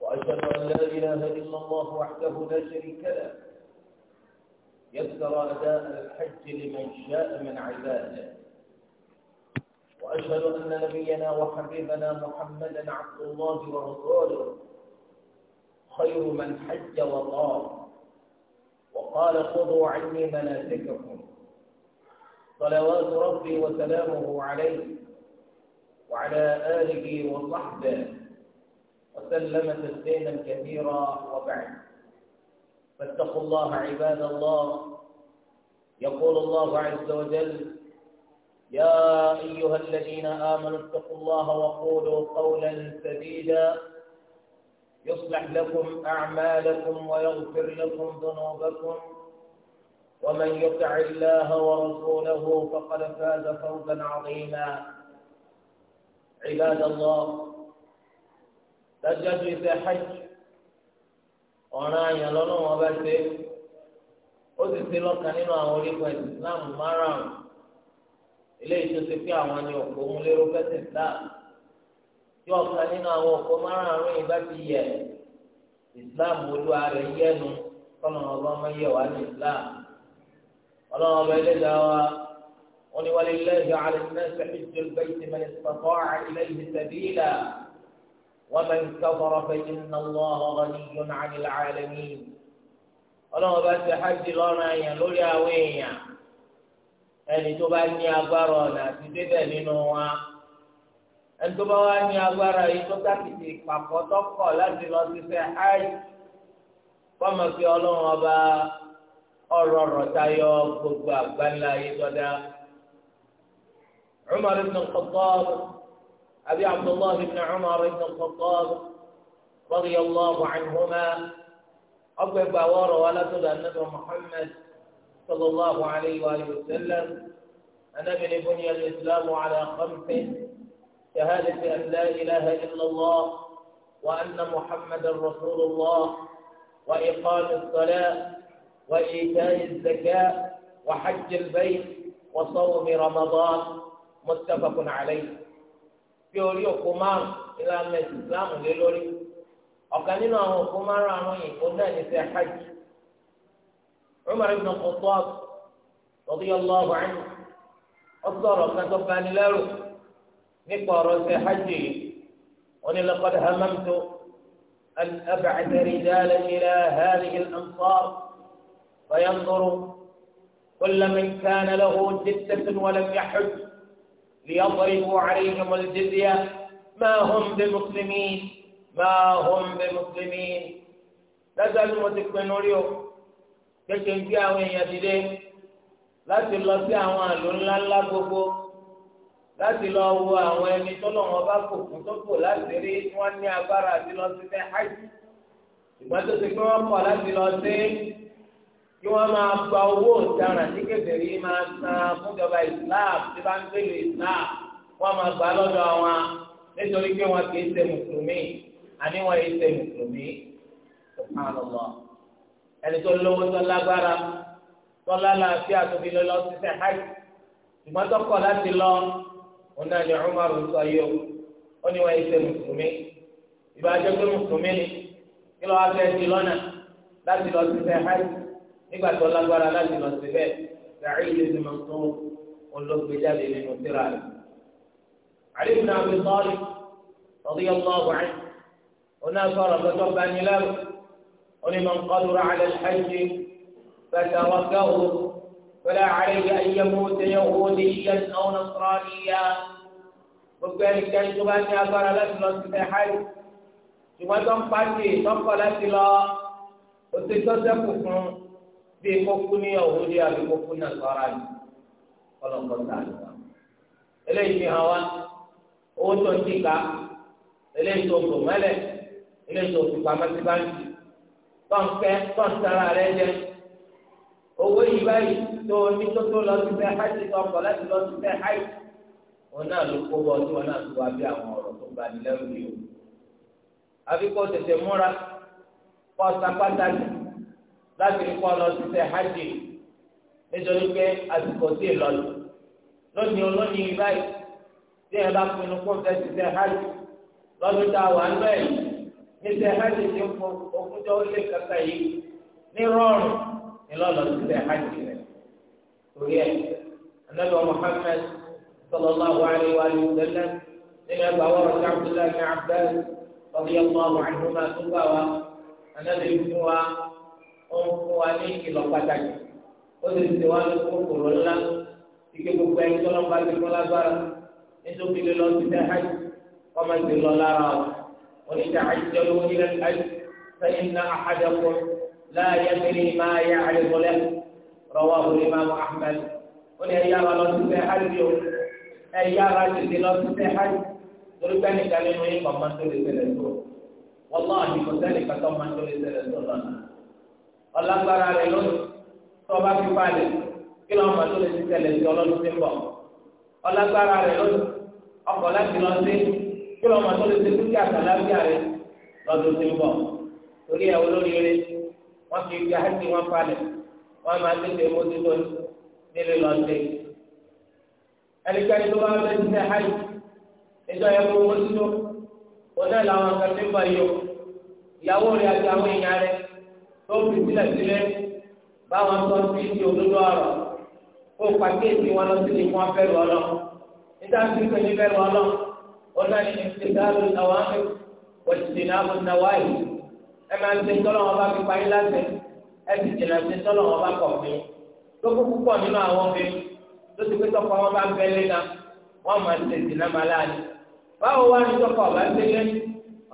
وأشهد أن لا إله إلا الله وحده لا شريك له يذكر أداء الحج لمن شاء من عباده وأشهد أن نبينا وحبيبنا محمدا عبد الله ورسوله خير من حج وطاف وقال خذوا عني مناسككم صلوات ربي وسلامه عليه وعلى آله وصحبه وسلم تسليما كثيرا وبعد فاتقوا الله عباد الله يقول الله عز وجل يا أيها الذين آمنوا اتقوا الله وقولوا قولا سديدا يصلح لكم أعمالكم ويغفر لكم ذنوبكم ومن يطع الله ورسوله فقد فاز فوزا عظيما عباد الله dájúdájú iṣẹ́ hajj ọ̀ràn àyàn lọ́nà wọn bá ṣe ó sì ṣe lọ́kàn nínú àwọn orígun islam márùn-ún eléyìí tó ṣe pé àwọn ni òpó mú lérò fẹsẹ̀ islam tí ọ̀kan nínú àwọn òpó ولله على الناس حج البيت من استطاع إليه سبيلا ومن كفر فإن الله غني عن العالمين ọlọ́run bá ti hajj lọ́rùn àyàn lórí àwọn èèyàn ẹni tó bá ní agbára ọ̀nà àti débẹ̀ nínú wa ẹni tó bá wá ní agbára yìí tó tàkìtì pàpọ̀ tọkọ̀ láti lọ síṣẹ́ hajj fọmọ kí ọlọ́run ọba ọ̀rọ̀ ọ̀rọ̀ tayọ gbogbo àgbáńlá yìí tọ́da. عمر بن الخطاب أبي عبد الله بن عمر بن الخطاب رضي الله عنهما أبو باور ولا تدى النبي محمد صلى الله عليه وآله وسلم أن من بني الإسلام على خمس شهادة أن لا إله إلا الله وأن محمدا رسول الله وإقام الصلاة وإيتاء الزكاة وحج البيت وصوم رمضان muttafaqun alayhi bí orí òkú márùn ìlànà ẹ̀sìn islam lé lórí ọ̀kan nínú àwọn òkú márùn àwọn yìí kó náà ní ṣe hajj Umar ibn Khattab radiyallahu anhu ọsọrọ kátó banilẹrù nípa ọ̀rọ̀ ṣe hajj yìí wọn ni laqad hamamtu an ab'atha rijalan ila hadhihi al-amsar fayanzuru kulla man kana lahu jiddatun ليضربوا عليهم الجزية ما هم بمسلمين ما هم بمسلمين lẹ́sẹ̀ tí mo ti pinnu rí o kékeré bí àwọn èèyàn dìde láti lọ sí àwọn àlò ńláńlá gbogbo láti lọ wo àwọn ẹni tọ́lọ̀ wọn bá kò fún tó kò láti rí wọn ní agbára àti lọ sí fẹ́ hajj ìgbà tó ti pé wọ́n pọ̀ láti lọ sí kí wọ́n máa gba owó ọ̀daràn tí kẹfẹ́rì máa san fúnjọba islam tí bá ń gbèlú islam wọ́n máa gbà lọ́dọ̀ wọn nítorí pé wọn kì í ṣe mùsùlùmí àní wọn yìí ṣe mùsùlùmí subhanallah ẹni tó lówó tó lágbára tó lálàáfíà tó fi lọ lọ sí ṣe hajj ṣùgbọ́n tó kọ̀ láti lọ òun náà ni Umar sọ yìí ó ní wọn yìí ṣe mùsùlùmí ìbájọ́ pé mùsùlùmí ni kí lọ́wọ́ fẹ́ẹ́ di lọ́nà láti lọ sí ṣe hajj nígbà tó lágbára láti lọ sí bẹ́ẹ̀ Sa'id ibn Mansur olóògbé jáde nínú síra rẹ̀. Ali ibn Abi Talib radiyallahu anhu oná sọ̀rọ̀ lọ́jọ́ gbanilẹ́rù oní man qadura ala al-hajj fatarakahu fala alayhi an yamuta yahudiyyan aw nasraniyyan gbogbo ẹnikẹ́ni tó bá ní agbára láti lọ sí bẹ́ẹ̀ ṣùgbọ́n tó ń pàṣẹ tó láti lọ ó ti fún un bí kókó ní ọ̀hún ní àbí kókó ní àgbára yìí ọlọ́kọ̀ sáré wa. eléyìí fi hàn wá owó tó ń dìka eléyìí tó gbò mẹ́lẹ̀ eléyìí tó fi pamọ́ sí báńkì tọ́ǹkẹ́ tọ́ǹtara rẹ jẹ owó yìí báyìí tó ní tó tó lọ sí bẹ́ẹ̀ háìsì tó ọkọ̀ láti lọ sí bẹ́ẹ̀ háìsì wọn náà ló kó bọ tí wọn náà tó wá bí àwọn ọ̀rọ̀ tó gbani lẹ́rù yìí o àbí tètè múra kó ọ̀sán pátá yìí láti rí kọ́ lọ síṣẹ́ hajj nítorí pé àsìkò sí ìlọlù lónìí olónìí báyìí tí ẹ bá pinnu kó fẹ́ síṣẹ́ hajj lọ́dún tá a wà ń bẹ̀ níṣẹ́ hajj ti ń fọ ogúnjọ́ ó lé kàkà yìí ní rọrùn ìlọlọ síṣẹ́ hajj rẹ̀ torí ẹ̀ anabi muhammed sallallahu alayhi wa sallam nínú ẹgbàá wọ́n rẹ̀ abdullahi abdul radiya allahu anhu ma tó gbà wá anabi fún wa ọ̀pọ̀ wa ní ìkìlọ̀ pàtàkì ó sì ti wá ní kòkòrò ńlá ike gbogbo ẹni tọ́lọ́ bá ti fún lágbára nítorí lọ sí dáhàj ọmọ ti lọ lára o onídàáj jọlọ onílẹ̀ àj sẹ́yìn náà àhàdàkọ́ láàyè mìíní máa yẹ àrẹ̀mọ́lẹ̀ rọwọ́ àbúrò ìmáàmù ahmed ó ní ẹ̀yà wa lọ sí dáhàj yìí o ẹ̀yà wa lọ sí dáhàj torí pé nìkan nínú yìí kọ́ máa ń tó lè tẹ̀lé tó wọ́n lọ́ọ̀ àdìgbò sẹ́nìkan tó máa lè tẹ̀lé tó lọ́nà ọlágbára rẹ lónìí tó o bá fi palẹ̀ kí lọ́wọ́ màá tó lè ti tẹ̀lé sí ọlọ́dún tí ń bọ̀ ọlágbára rẹ lónìí ọkọ̀ láti lọ sí kí lọ́wọ́ màá tó lè ti dúkìá àtàlágbá rẹ lọ́dún tí ń bọ̀ torí ẹ̀ olóríire wọ́n fi fi ákì wọn palẹ̀ wọ́n máa tètè mójútó nílé lọ sí ẹnikẹ́ni tó bá fẹ́ ti tẹ̀ háì ìjọ yẹ kó mójútó òun náà làwọn kan ti ń ìyàwó rẹ àti àwọn èèyàn rẹ tó fi sílẹ̀ sílẹ̀ báwọn tó ń fi ti olódó ọ̀rọ̀ kó pàkíyèsí wọn lọ sí ìfún abẹ́rù ọlọ́ níta fi pé ní bẹ́rù ọlọ́ ó náà ní ìṣèdáàlú àwọn àmì òṣìṣẹ́ náà ń náwó àyè ẹ máa ń ṣe tọ́lọ́ wọn bá fi parí láti ẹ ti jìnnà ṣe tọ́lọ́ wọn bá kọ̀ fún lókù púpọ̀ nínú àwọn obìnrin tó ti pé tọkọ wọn bá bẹ́lẹ́ náà wọ́n máa ń ṣe ìṣìnà máa láàyè báwo wá ní tọkọ ọ̀bá sílẹ̀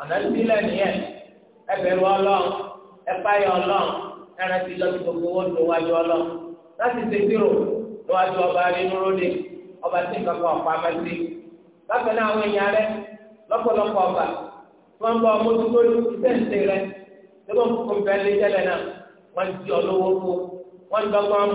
ọ̀nà sílẹ̀ nìyẹn ẹ bẹ̀rù ọlọ́run ẹ̀fá yọ ọlọ́run ẹran ti lọ sí gbogbo owó tó wájú ọlọ́run láti ṣe kírò ọba rínúró ọba tí nǹkan ọ̀pá máa ti. bákan àwọn èèyàn rẹ lọ́pọ̀lọpọ̀ ọba tí wọ́n ń bọ ọmọ tó lórí rẹ tí wọ́n bẹ́ẹ̀ náà wọ́n ọlọ́wọ́ wọ́n ń dọ́gbọ́n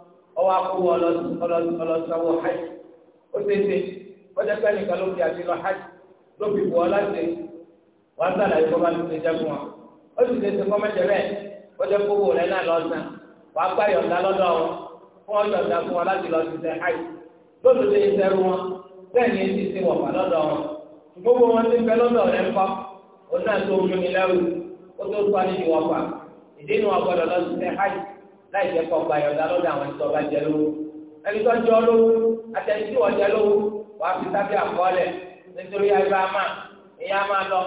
ọwọ́ akó ọlọ́sọ̀wọ́ hajj ó tètè ọjọ́ pẹ́ nìkan ló fi àti lọ hajj ló fi wọ́ láti wọ́n á O kọ́ máa tètè jẹ́ fún wa ó sì tètè kọ́ mẹ́jẹ bẹ́ẹ̀ ọjọ́ kówó rẹ̀ náà lọ sàn wọ́n lọ́dọ̀ wọn fún fún wọn láti lọ sí ṣe hajj wọn wọ̀fà lọ́dọ̀ wọn gbogbo wọn ti fẹ́ lọ́dọ̀ rẹ̀ òun láì jẹ́ kó gba ìyọ̀dá lọ́dọ̀ àwọn ẹni tó bá jẹ lówó ẹni tó jọ lówó àtẹni tí wọ́n jẹ lówó wà á fi sábẹ́ àkọọ́lẹ̀ nítorí ayọ̀ àmà ìyá máa lọ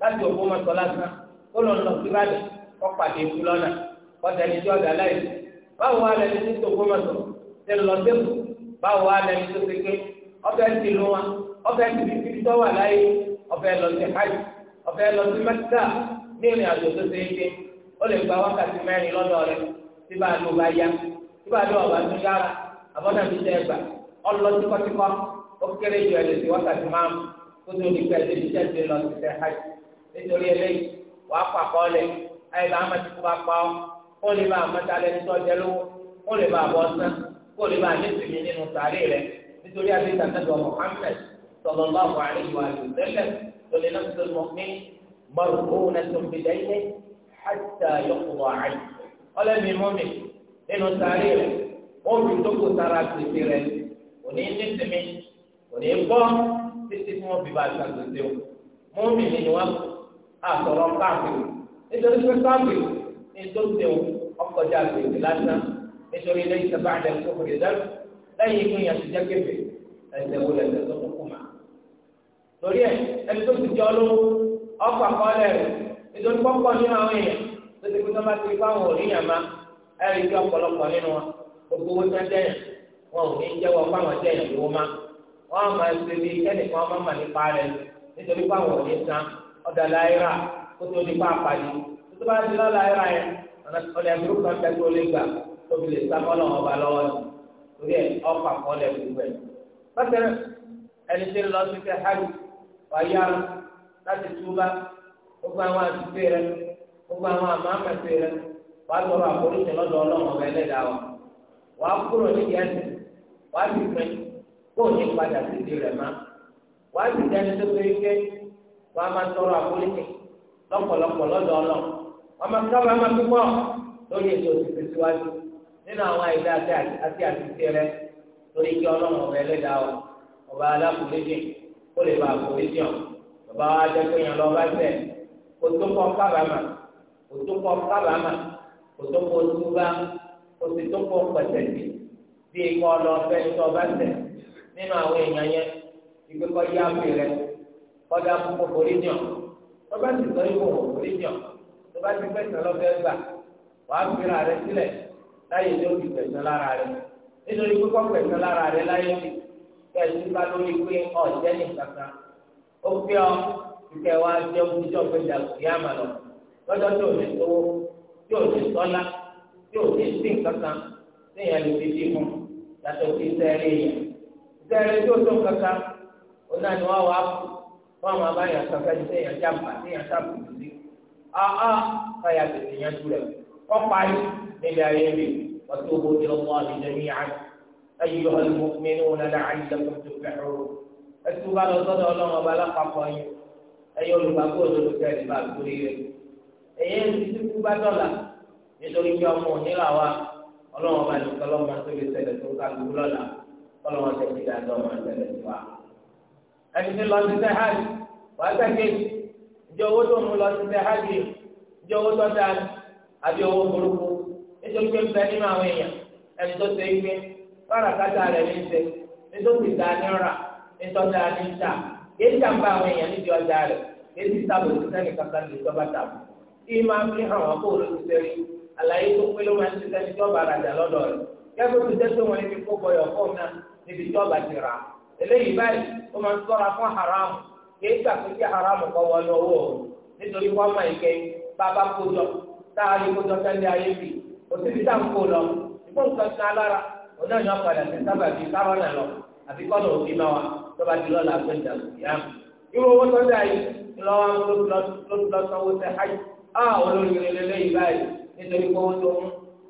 láti òkú mọ̀tọ́ lásán kó lọ lọ kó pàdé ikú tí láì báwo wà lẹni tí ṣe lọ báwo wà lẹni tó ṣe ké ọbẹ̀ ti lu wọn ọbẹ̀ ti fi fi tọ́wà láyé ọbẹ̀ lọ sí hajj ọbẹ̀ lọ sí mẹ́tíkà ní tí bá lò bá yá tí bá lò ọ̀bá tó yára àbọ̀dà mi tẹ́ gbà ọlọ́ tíkọ́tíkọ́ ó kéré ju ẹ̀ lè ti wákàtí máa mú kó tó di pẹ̀lú ibi tẹ́ ti lọ sí tẹ́ hajj nítorí eléyìí wàá pa kọ́ lẹ̀ ayé bá ama ti kó bá pa ọ́ kó lè bá amata lẹ ní sọ́jà lówó kó lè bá bọ́ sán kó lè bá ní nínú sàárè rẹ nítorí àti sàtẹ́tọ̀ Muhammad sallallahu alaihi wa sallam lórí tó mọ̀ حتى يقضى ọlẹ́mi mọ́mi nínú sáré rẹ̀ ó fi tókò sára tètè rẹ̀ òní nísìmí òní gbọ́ títí tí wọ́n fi bá àtàkùnṣe o mọ́mi ni wọ́n àtọ̀rọ̀ káàkiri nítorí pé káàkiri ní tó ṣe o ọkọjá àgbègbè lásán nítorí ilé ìsẹ̀bá àdé kókò lè dẹ́rù lẹ́yìn ikú yẹn ti jẹ́ kébè ẹsẹ̀ wo lẹ́sẹ̀ tó kúkú mà. lórí ẹ̀ ẹni tó ti jẹ́ olówó ọkọ̀ àkọọ́lẹ̀ rẹ̀ nítorí pọ́pọ́ nínú àwọn èèyàn lóṣù kí wọ́n bá ti fáwọn òríyàn má ẹ̀rí tí ọ̀pọ̀lọpọ̀ nínú wọn gbogbo owó tẹ́ dẹ́yìn wọn ò ní jẹ́wọ́ fáwọn dẹ́yìn lówó má wọ́n á máa ṣe bí kẹ́nìkan má mà nípa rẹ̀ nítorí fáwọn òní san ọ̀dà láìra kó tó di pàápàá yìí tó bá ti lọ́la láìra yẹn ọ̀dà ìlú kan fẹ́ tó lé gbà tó fi lè sá mọ́lọ́ ọba lọ́wọ́ torí ẹ̀ ọ̀pá kan gbogbo ẹ̀. bákan ẹni gbogbo àwọn àmọ́ àmọ́sẹ̀ rẹ wà á tọrọ àforíjì lọ́dọ̀ ọlọ́run ọba ẹlẹ́dàá wa wà á kúrò nídìí ẹ̀sìn wà á sì pín kó ní padà sídìí rẹ̀ má wà á dẹni tọrọ lọ́pọ̀lọpọ̀ lọ́dọ̀ ọlọ́run wà á máa máa síwájú nínú àwọn àìdá àti àtìsí rẹ lórí kí ọlọ́run ọba wa ọba òtúkọ kábàámà òtúkọ túbá òtúkọ pẹtẹtì bí ikọ ọlọfẹ tó ọba tẹ nínú àwọn èèyàn yẹn ìgbé kọ yá fi rẹ kọdà púpọ̀ foríjàn tọba ti sọ ìwò foríjàn tọba ti fẹsẹ̀ lọfẹ gbà wàá fira rẹ sílẹ̀ láyé tó fi fẹsẹ̀ lára rẹ nítorí pé kọ fẹsẹ̀ lára rẹ láyé ti kẹsì bá lórí pé ọjẹ nìkankan ó fi ọ ìkẹwàá jẹun jíjọ fẹjà kìí àmà lọ lọ́jọ́ tí ò ní tó tí ò ní tọ́lá tí ò ní sí kankan ní ìyẹn ló fi dì mọ́ yàtọ̀ sí sẹ́ẹ̀rì yẹn sẹ́ẹ̀rì tí ó tó kankan ó náà ni wọ́n wá kú wọ́n máa bá yàn kankan ní sẹ́yìn àjàmbá ní yàn sábà tó sí áá káyà tètè yẹn tu rẹ̀ wọ́n parí níbi ayé mi wọ́n tó bó ọmọ àbíjẹ́ ní àná ayélujára ọlọmọkùnrin wọn lọ àyílẹkùn tó fẹrẹ o ẹtù bá olùgbàgbọ́ òdodo kẹrin bá gbórí rẹ̀ ẹ̀yẹ ìdílé bá dọ̀là nítorí pé ọmọ òníra wa ọlọ́wọ́n bá nìkan lọ́mọ tó lè ṣẹlẹ̀ tó ká lù lọ́la ọlọ́wọ́n tó fi dáadọ́ máa ṣẹlẹ̀ tó wa. ẹni tí lọ sí sẹ́ hajj wà á sẹ́kẹ̀ ìjọ owó tó mú lọ sí sẹ́ hajj ìjọ owó tó dáa àbí owó burúkú nítorí pé bẹ́ẹ̀ nínú àwọn èèyàn ẹni tó ṣe é gbé káràkátà rẹ̀ ní ṣe nítorí dáa ní ọ̀rà nítorí dáa ní ìta kéjàmbá àwọn èèyàn níbi ọjà rẹ̀ kéjì sábò kí máa fi hàn wọn kó olóṣèlú rí àlàyé tó pé ló máa ń ṣiṣẹ́ ní tọ́ba àràjà lọ́dọ̀ rẹ̀ kẹ́kọ̀ọ́ tó jẹ́ pé kó bọyọ̀ fóun náà níbi tọ́ba ti rà eléyìí báyìí ó máa ń sọ́ra fún haram haram kọ́ wọn lọ́wọ́ o nítorí wọ́n máa ń kẹ́ bàbá kójọ táàrí kójọ ayé fi lọ alára náà yọ padà sí sábà bíi lọ ah olórí lélẹ́ yìí báyìí nítorí pé owó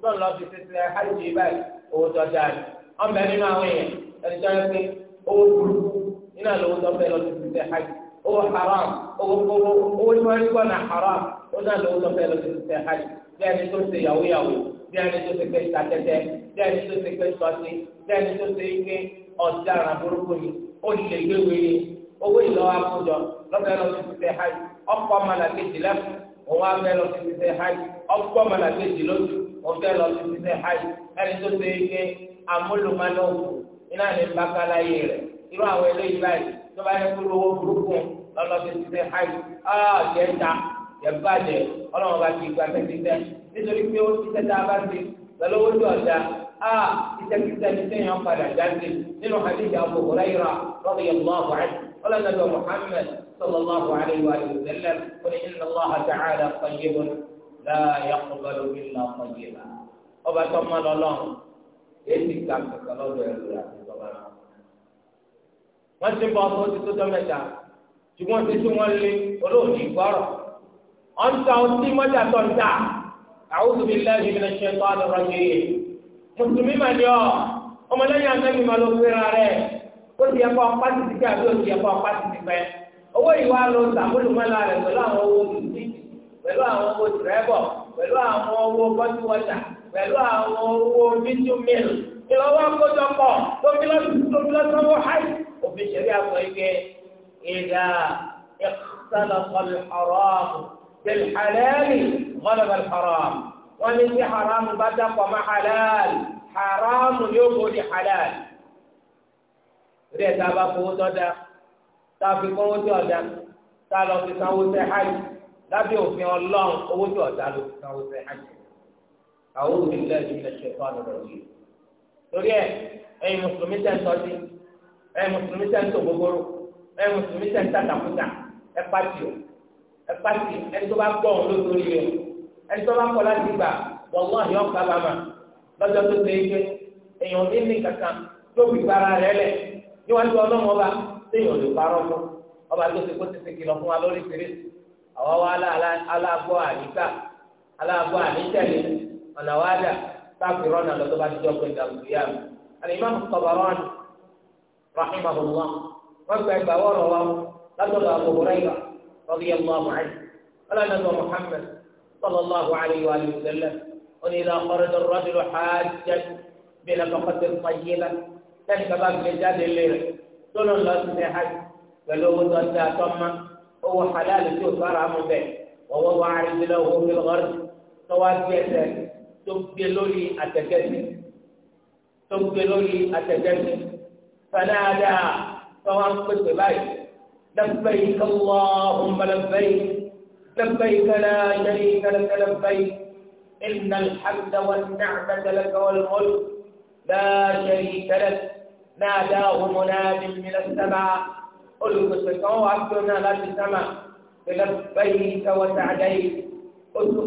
tó ń lọ́n lọ́ fi ṣẹṣẹ hajj báyìí owó tó dáa ni wọ́n bẹ nínú àwọn èèyàn ẹni tó owó nínú àlọ́ tó na haram náà tó hajj bí ẹni tó ṣe yàwó yàwó bí ẹni tó ṣe pé bí ẹni tó ṣe pé bí ẹni tó ṣe ike ni ó gbé owó ìlọ́wọ́ wọ́n wá fẹ́ lọ sí ṣiṣẹ́ hajj ọgbọ́n mọ̀nà kejì lójú wọ́n fẹ́ lọ sí ṣiṣẹ́ hajj ẹni tó ṣe é ké amúlùmánàwò iná ní bákàláyé rẹ̀ irú àwọn eléyìí báyìí tó bá yẹ kó lówó burúkú lọ́lọ́ sí ṣiṣẹ́ hajj áà jẹ́ ta jẹ́ bàjẹ́ ọlọ́run bá ti gba fẹ́ ṣiṣẹ́ nítorí pé ó ṣiṣẹ́ tá a bá ti pẹ̀lú owó tó ọ̀dà áà ṣiṣẹ́ ṣiṣẹ́ ní sẹ́yìn padà jáde nínú hadith Abu Hurairah radiyallahu anhu ولا نبي محمد صلى الله عليه وآله وسلم قل إن الله تعالى طيب لا يقبل إلا طيبا ọba tó ma lọ lọrùn èyí ká kankan lọ́dọ̀ ẹrù rẹ àti bàbá rẹ wọn ti bọ ọkọ títí tó mẹ́ta ṣùgbọ́n títí wọn lé olóòdì gbọrọ ọńtà ọtí mọjà tó ń tà a'udhu billahi minash shaitanir rajim mùsùlùmí mà ní ọ ọmọlẹ́yìn anábì má ló gbéra rẹ ó ti yẹ kó apá ti ti pẹ́ àbí ó ti yẹ kó apá ti ti pẹ́ owó yìí wá lọ sàmúlùmọ́lá rẹ̀ pẹ̀lú àwọn owó bìbí pẹ̀lú àwọn owó tìrẹ́bọ̀ pẹ̀lú àwọn owó bọ́tí wọ́tà pẹ̀lú àwọn owó bíjú mìíràn ìlọ wá kójọ pọ̀ tóbilọ́sọ́wọ́ háì òfin ṣẹ̀rí àpò ike ìdá ìsàlọ̀kọ̀ lẹ́xọ̀rọ̀m tẹ̀lé xalẹ́lì mọ́lọ́bà lẹ́xọ̀rọ̀m wọ́n ní sí haram bá dàpọ̀ mọ́ xalẹ́lì yóò bó di xalẹ́lì torí ẹ̀ tá a bá fowó tó da tá a fi kówó tó ọ̀dà tá a lọ fi sanwó sẹ́ hajj lábẹ́ òfin ọlọ́run owó tó ọ̀dà ló fi sanwó sẹ́ hajj àwọn òbílẹ̀ ìbílẹ̀ ṣe fún àlọ́ yìí torí ẹ̀ ẹ̀yin mùsùlùmí tẹ̀ ń tọ́jú ẹ̀yin mùsùlùmí tẹ̀ ń tò gbogbooro ẹ̀yin mùsùlùmí tẹ̀ ń tàtàkùtà ẹ̀ pàtì o ẹ̀ pàtì ẹni tó bá gbọ́ òun ló torí ẹni tó bá kọ́ láti gbà wọ́n yọ̀ kábàámà lọ́jọ́ tó ṣe é níwájú ọlọ́run ọba téèyàn lè parọ́ fún ọba tó ti kó ti ti kìlọ̀ fún wa lórí ìpèrè àwa wa aláàbọ̀ àníkà aláàbọ̀ àníkẹ̀lé ọ̀nà wa dà káàpì rọ́nà lọ́tọ́ bá ti jọ pé ìdàgbòyà mi. Al-Imam Tabarani rahimahullah wọ́n gba ìgbà wọ́ọ̀rọ̀ wa látọ̀dọ̀ Abu Hurairah radiyallahu anhu ọlọ́nàdù Muhammad sallallahu sẹ́ni bàbá gbé jáde lé rẹ̀ tó ló ń lọ sí hajj pẹ̀lú owó tó ń da tó ń ma owó halal tí o fara mu bẹ̀ owó wa àrídìlẹ̀ owó kílọ̀rì tó wá gbé ẹsẹ̀ tó gbé lórí àtẹ̀kẹ́sì tó gbé lórí àtẹ̀kẹ́sì fanáadà tó wá ń pèsè báyìí لبيك اللهم لبيك لبيك لا شريك لك لبيك إن الحمد والنعمة لك والملك لا شريك لك náà dá òun náà bí mílẹ̀ sábà olùkọ́sọ̀ kan wà tó náà láti sábà pẹ̀lú báyìí káwọ́ sàdá yìí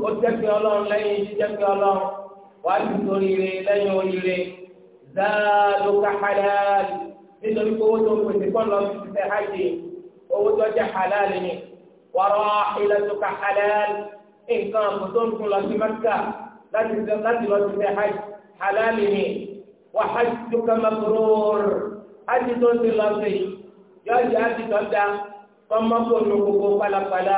ó jẹ́pẹ́ ọlọ́run lẹ́yìn jíjẹ́pẹ́ ọlọ́run wàá ti sórí rẹ̀ lẹ́yìn oríire záàlú káhálà nítorí pé owó tó pèsè kọ́ lọ sí ṣe hajj owó tó jẹ́ halal ni wàrọ̀ ìlàtú káhálà nǹkan àbùtó ń tún lọ sí mẹ́kà láti lọ sí ṣe hajj halal ni wà hajjú kama kúròr hajj tó ń ti lọ sí yóò di hajj tó ń da kọ́mọ́ kó nu gbogbo palapala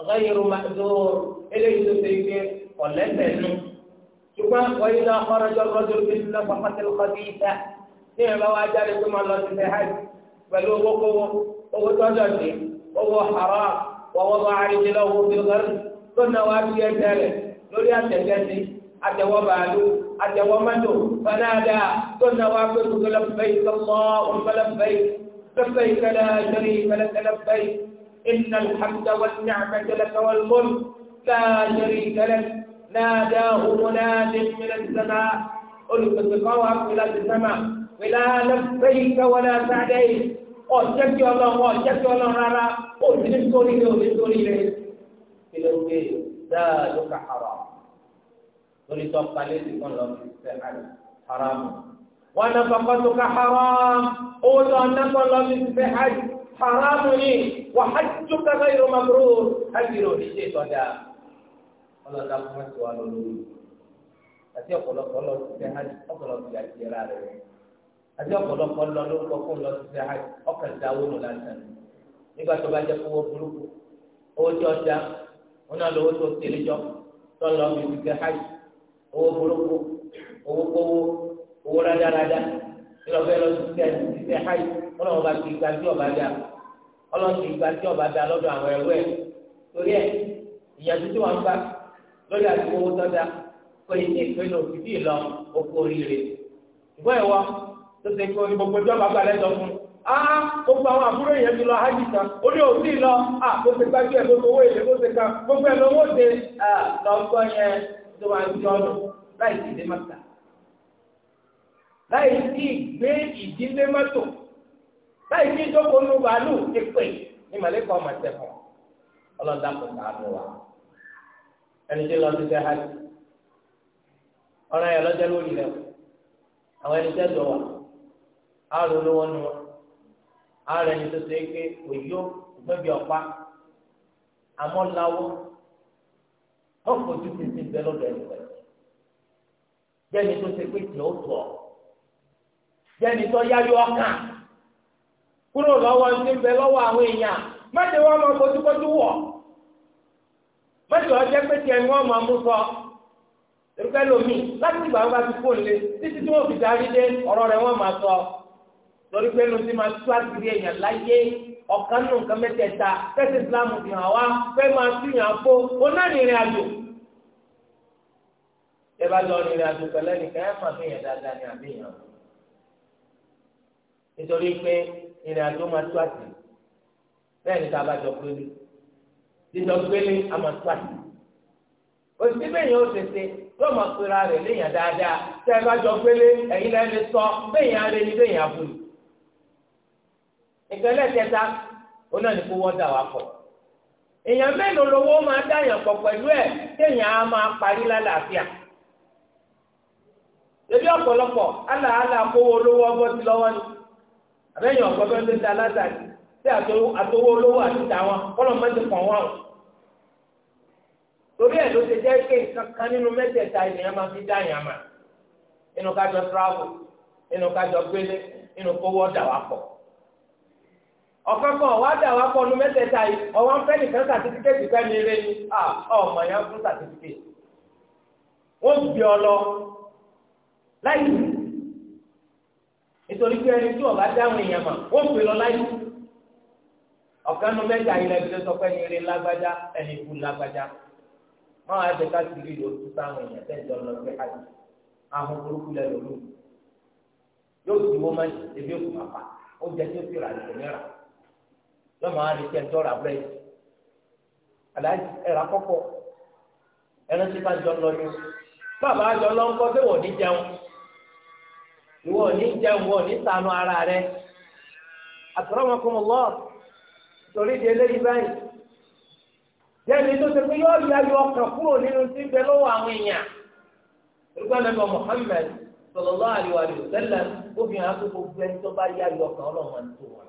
ọ̀gáyẹ̀rù màdúr eléyìí tó ti gbé ọ̀lẹ́sẹ̀ nù. ṣùgbọ́n wáyé náà kọ́rọ́jọ́ rọ́jò bí nínú pàpàtì lọ́dí ìta ní ìrọ̀lẹ́ wa jáde tó máa lọ sí ilẹ̀ hajj pẹ̀lú owó kówó owó tọ́jọ́ sí owó haram wọ́wọ́ bá àrídìlọ́wọ́ bí lọ́rùn tó náà wá bí ẹ̀jẹ̀ rẹ̀ lórí àtẹ̀jẹ̀ sí àtẹwọ́ bàálù àtẹwọ́ mọ́tò fanáàdà tó náwó akpẹ́tùkú lọ́fẹ̀ẹ́ sọ́kọ́ òǹfẹ́lẹ́fẹ́ لبيك لا شريك لك لبيك إن الحمد والنعمة لك والملك لا شريك لك ناداه مناد من السماء olùpèsèkọ́wà fìlà ti sẹ́mà fìlà lẹ́fẹ̀yìká wọlé àtàdé yìí ọ̀jẹ́kì ọlọ́run ọ̀jẹ́kì ọlọ́run rárá òsì ní sórí rẹ̀ òsì sórí rẹ̀ kí ló ń gbé dáadọ́ kàkàrà lórí tó palẹ̀ sí kan lọ sí sẹ́ haram wọn náà kọ́kọ́ tó ká haram owó tó ọ̀nà kan lọ sí sẹ́ haram ni wàhájú kàkà yóò máa bro hajj rò ní ṣe tọ́jà ọlọ́dà fún ẹ̀sìn wa lọ́lọ́rù àti ọ̀pọ̀lọpọ̀ lọ sí sẹ́ hajj ọ̀pọ̀lọpọ̀ àti ẹ̀rá rẹ̀ àti ọ̀pọ̀lọpọ̀ lọ lórúkọ fún lọ sí sẹ́ hajj ọkàn ìdáwó nù lásán nígbà tó bá jẹ́ kówó burúkú owó burúkú owó kówó owó rádaràdà ìlọ́fẹ́ lọ sí bá ti gba tí ọba dá ọlọ́run ti gba tí ọba dá lọ́dọ̀ àwọn ẹ̀rọ ẹ̀ torí ẹ̀ ìyàtú tí wọ́n ń lórí àti owó tọ́jà kò ní oko ìgbọ́ tó ṣe kí orí gbogbo ọba fún gbogbo àwọn àbúrò yẹn ti lọ hajj tán ó ní òsì lọ ṣe gbájú ẹ owó èlé tó máa gbé ọdún láì sí ilé mọ́tà láì sí gbé ìdílé mọ́tò láì sí nu bàálù ìpè ní wa ẹni tí lọ sí fẹ́ ọ̀rọ̀ yẹn lọ́jọ́ lórí rẹ̀ àwọn ẹni tẹ́ lọ àrùn olówó nu àrùn ẹni tó ṣe é gbẹ́bí ọ̀pá àmọ́ ọkọ ojú ti ti bẹ lọ́dọ̀ ẹni pẹ̀lú jẹni tó ṣe pé tí ó tọ jẹni tó yáyọ ọkàn kúrò lọ́wọ́ ní bẹ lọ́wọ́ àwọn èèyàn mẹjọ wọn máa bójúbójú wọ mẹjọ ọjọ pé tí ẹni wọn máa mú sọ èrúkẹ lómi láti ìgbà wọn bá ti kó lé títí tí wọn fi darí dé ọ̀rọ̀ rẹ̀ wọn máa sọ lórí pé lóṣì máa tú àṣírí èèyàn láyé. ọ̀kan nù nǹkan mẹ́tẹ̀ẹ̀ta fẹ́sẹ̀ ìsìlámù fi hàn wá fẹ́ máa túyàn àpò ó náà ní ìrìn àjò. bá lọ rìnrìn àjò pẹ̀lú ẹnìkan ẹ máa fi yàn dáadáa ní nítorí pé ìrìn àjò máa tó bẹ́ẹ̀ ni tábà jọ jíjọ a máa tó òsì ó tètè yóò máa pera rẹ̀ sọ á lé ní nǹkan ẹlẹ́kẹta ó náà ní kó wọ́n dà wá pọ̀ èèyàn mélòó lowó máa dáyàn pọ̀ pẹ̀lú ẹ̀ téèyàn á máa parí lálàáfíà ebi ọ̀pọ̀lọpọ̀ alaala ọgbọ́n ti lọ́wọ́ ni ọ̀gbọ́n ń tí àti tàwọn pọ̀ wọ́n torí ẹ̀ ló ti jẹ́ pé kankan nínú mẹ́tẹ̀ẹ̀ta ènìyàn ọ̀kan kan wá dà wá pọ̀ ọdún mẹ́tẹ̀ẹ̀ta yìí ọ̀wọ́ ń fẹ́ nìkan sàtífíkẹ́tì fẹ́ mi rẹ́ ni ọmọ yẹn fún sàtífíkẹ́tì wọ́n gbé ọ lọ láì nítorí pé ẹni tí ọba dáhùn èèyàn mà wọ́n gbé lọ láì ọ̀kan nu mẹ́ta yìí lẹ́bi tó sọ pé ẹni rẹ lágbájá ẹni kú lágbájá máa wá jẹ ká sì rí ìlú tó sáwọn èèyàn tẹ̀jọ lọ sí àjò àwọn burúkú lẹ́nu lónìí yóò ti wọ́n máa ṣe ebi òkú àpá ó jẹ tó fi rà lẹ́nu rà lọ́mọ wa di kẹ́ńtọ́ ra búrẹ́dì aláàjì ẹ̀rọ akọ́kọ́ ẹ̀rọ tí máa jọ lọ ní bàbá àjọ lọ ń kọ́ pé wọ́n ní jẹun ìwọ ní jẹun wọ́n ní sànú ara rẹ akramakumullah torí di eléyìí báyìí jẹ́ni tó ti pé yóò yá yọ ọkàn kúrò nínú tí ń bẹ lọ́wọ́ àwọn èèyàn ìgbà nàbẹ Muhammad sallallahu alaihi wa sallam ó fi hàn kó gbogbo ẹni tó bá yá yọ ọkàn ọlọ́run àti tó wọn.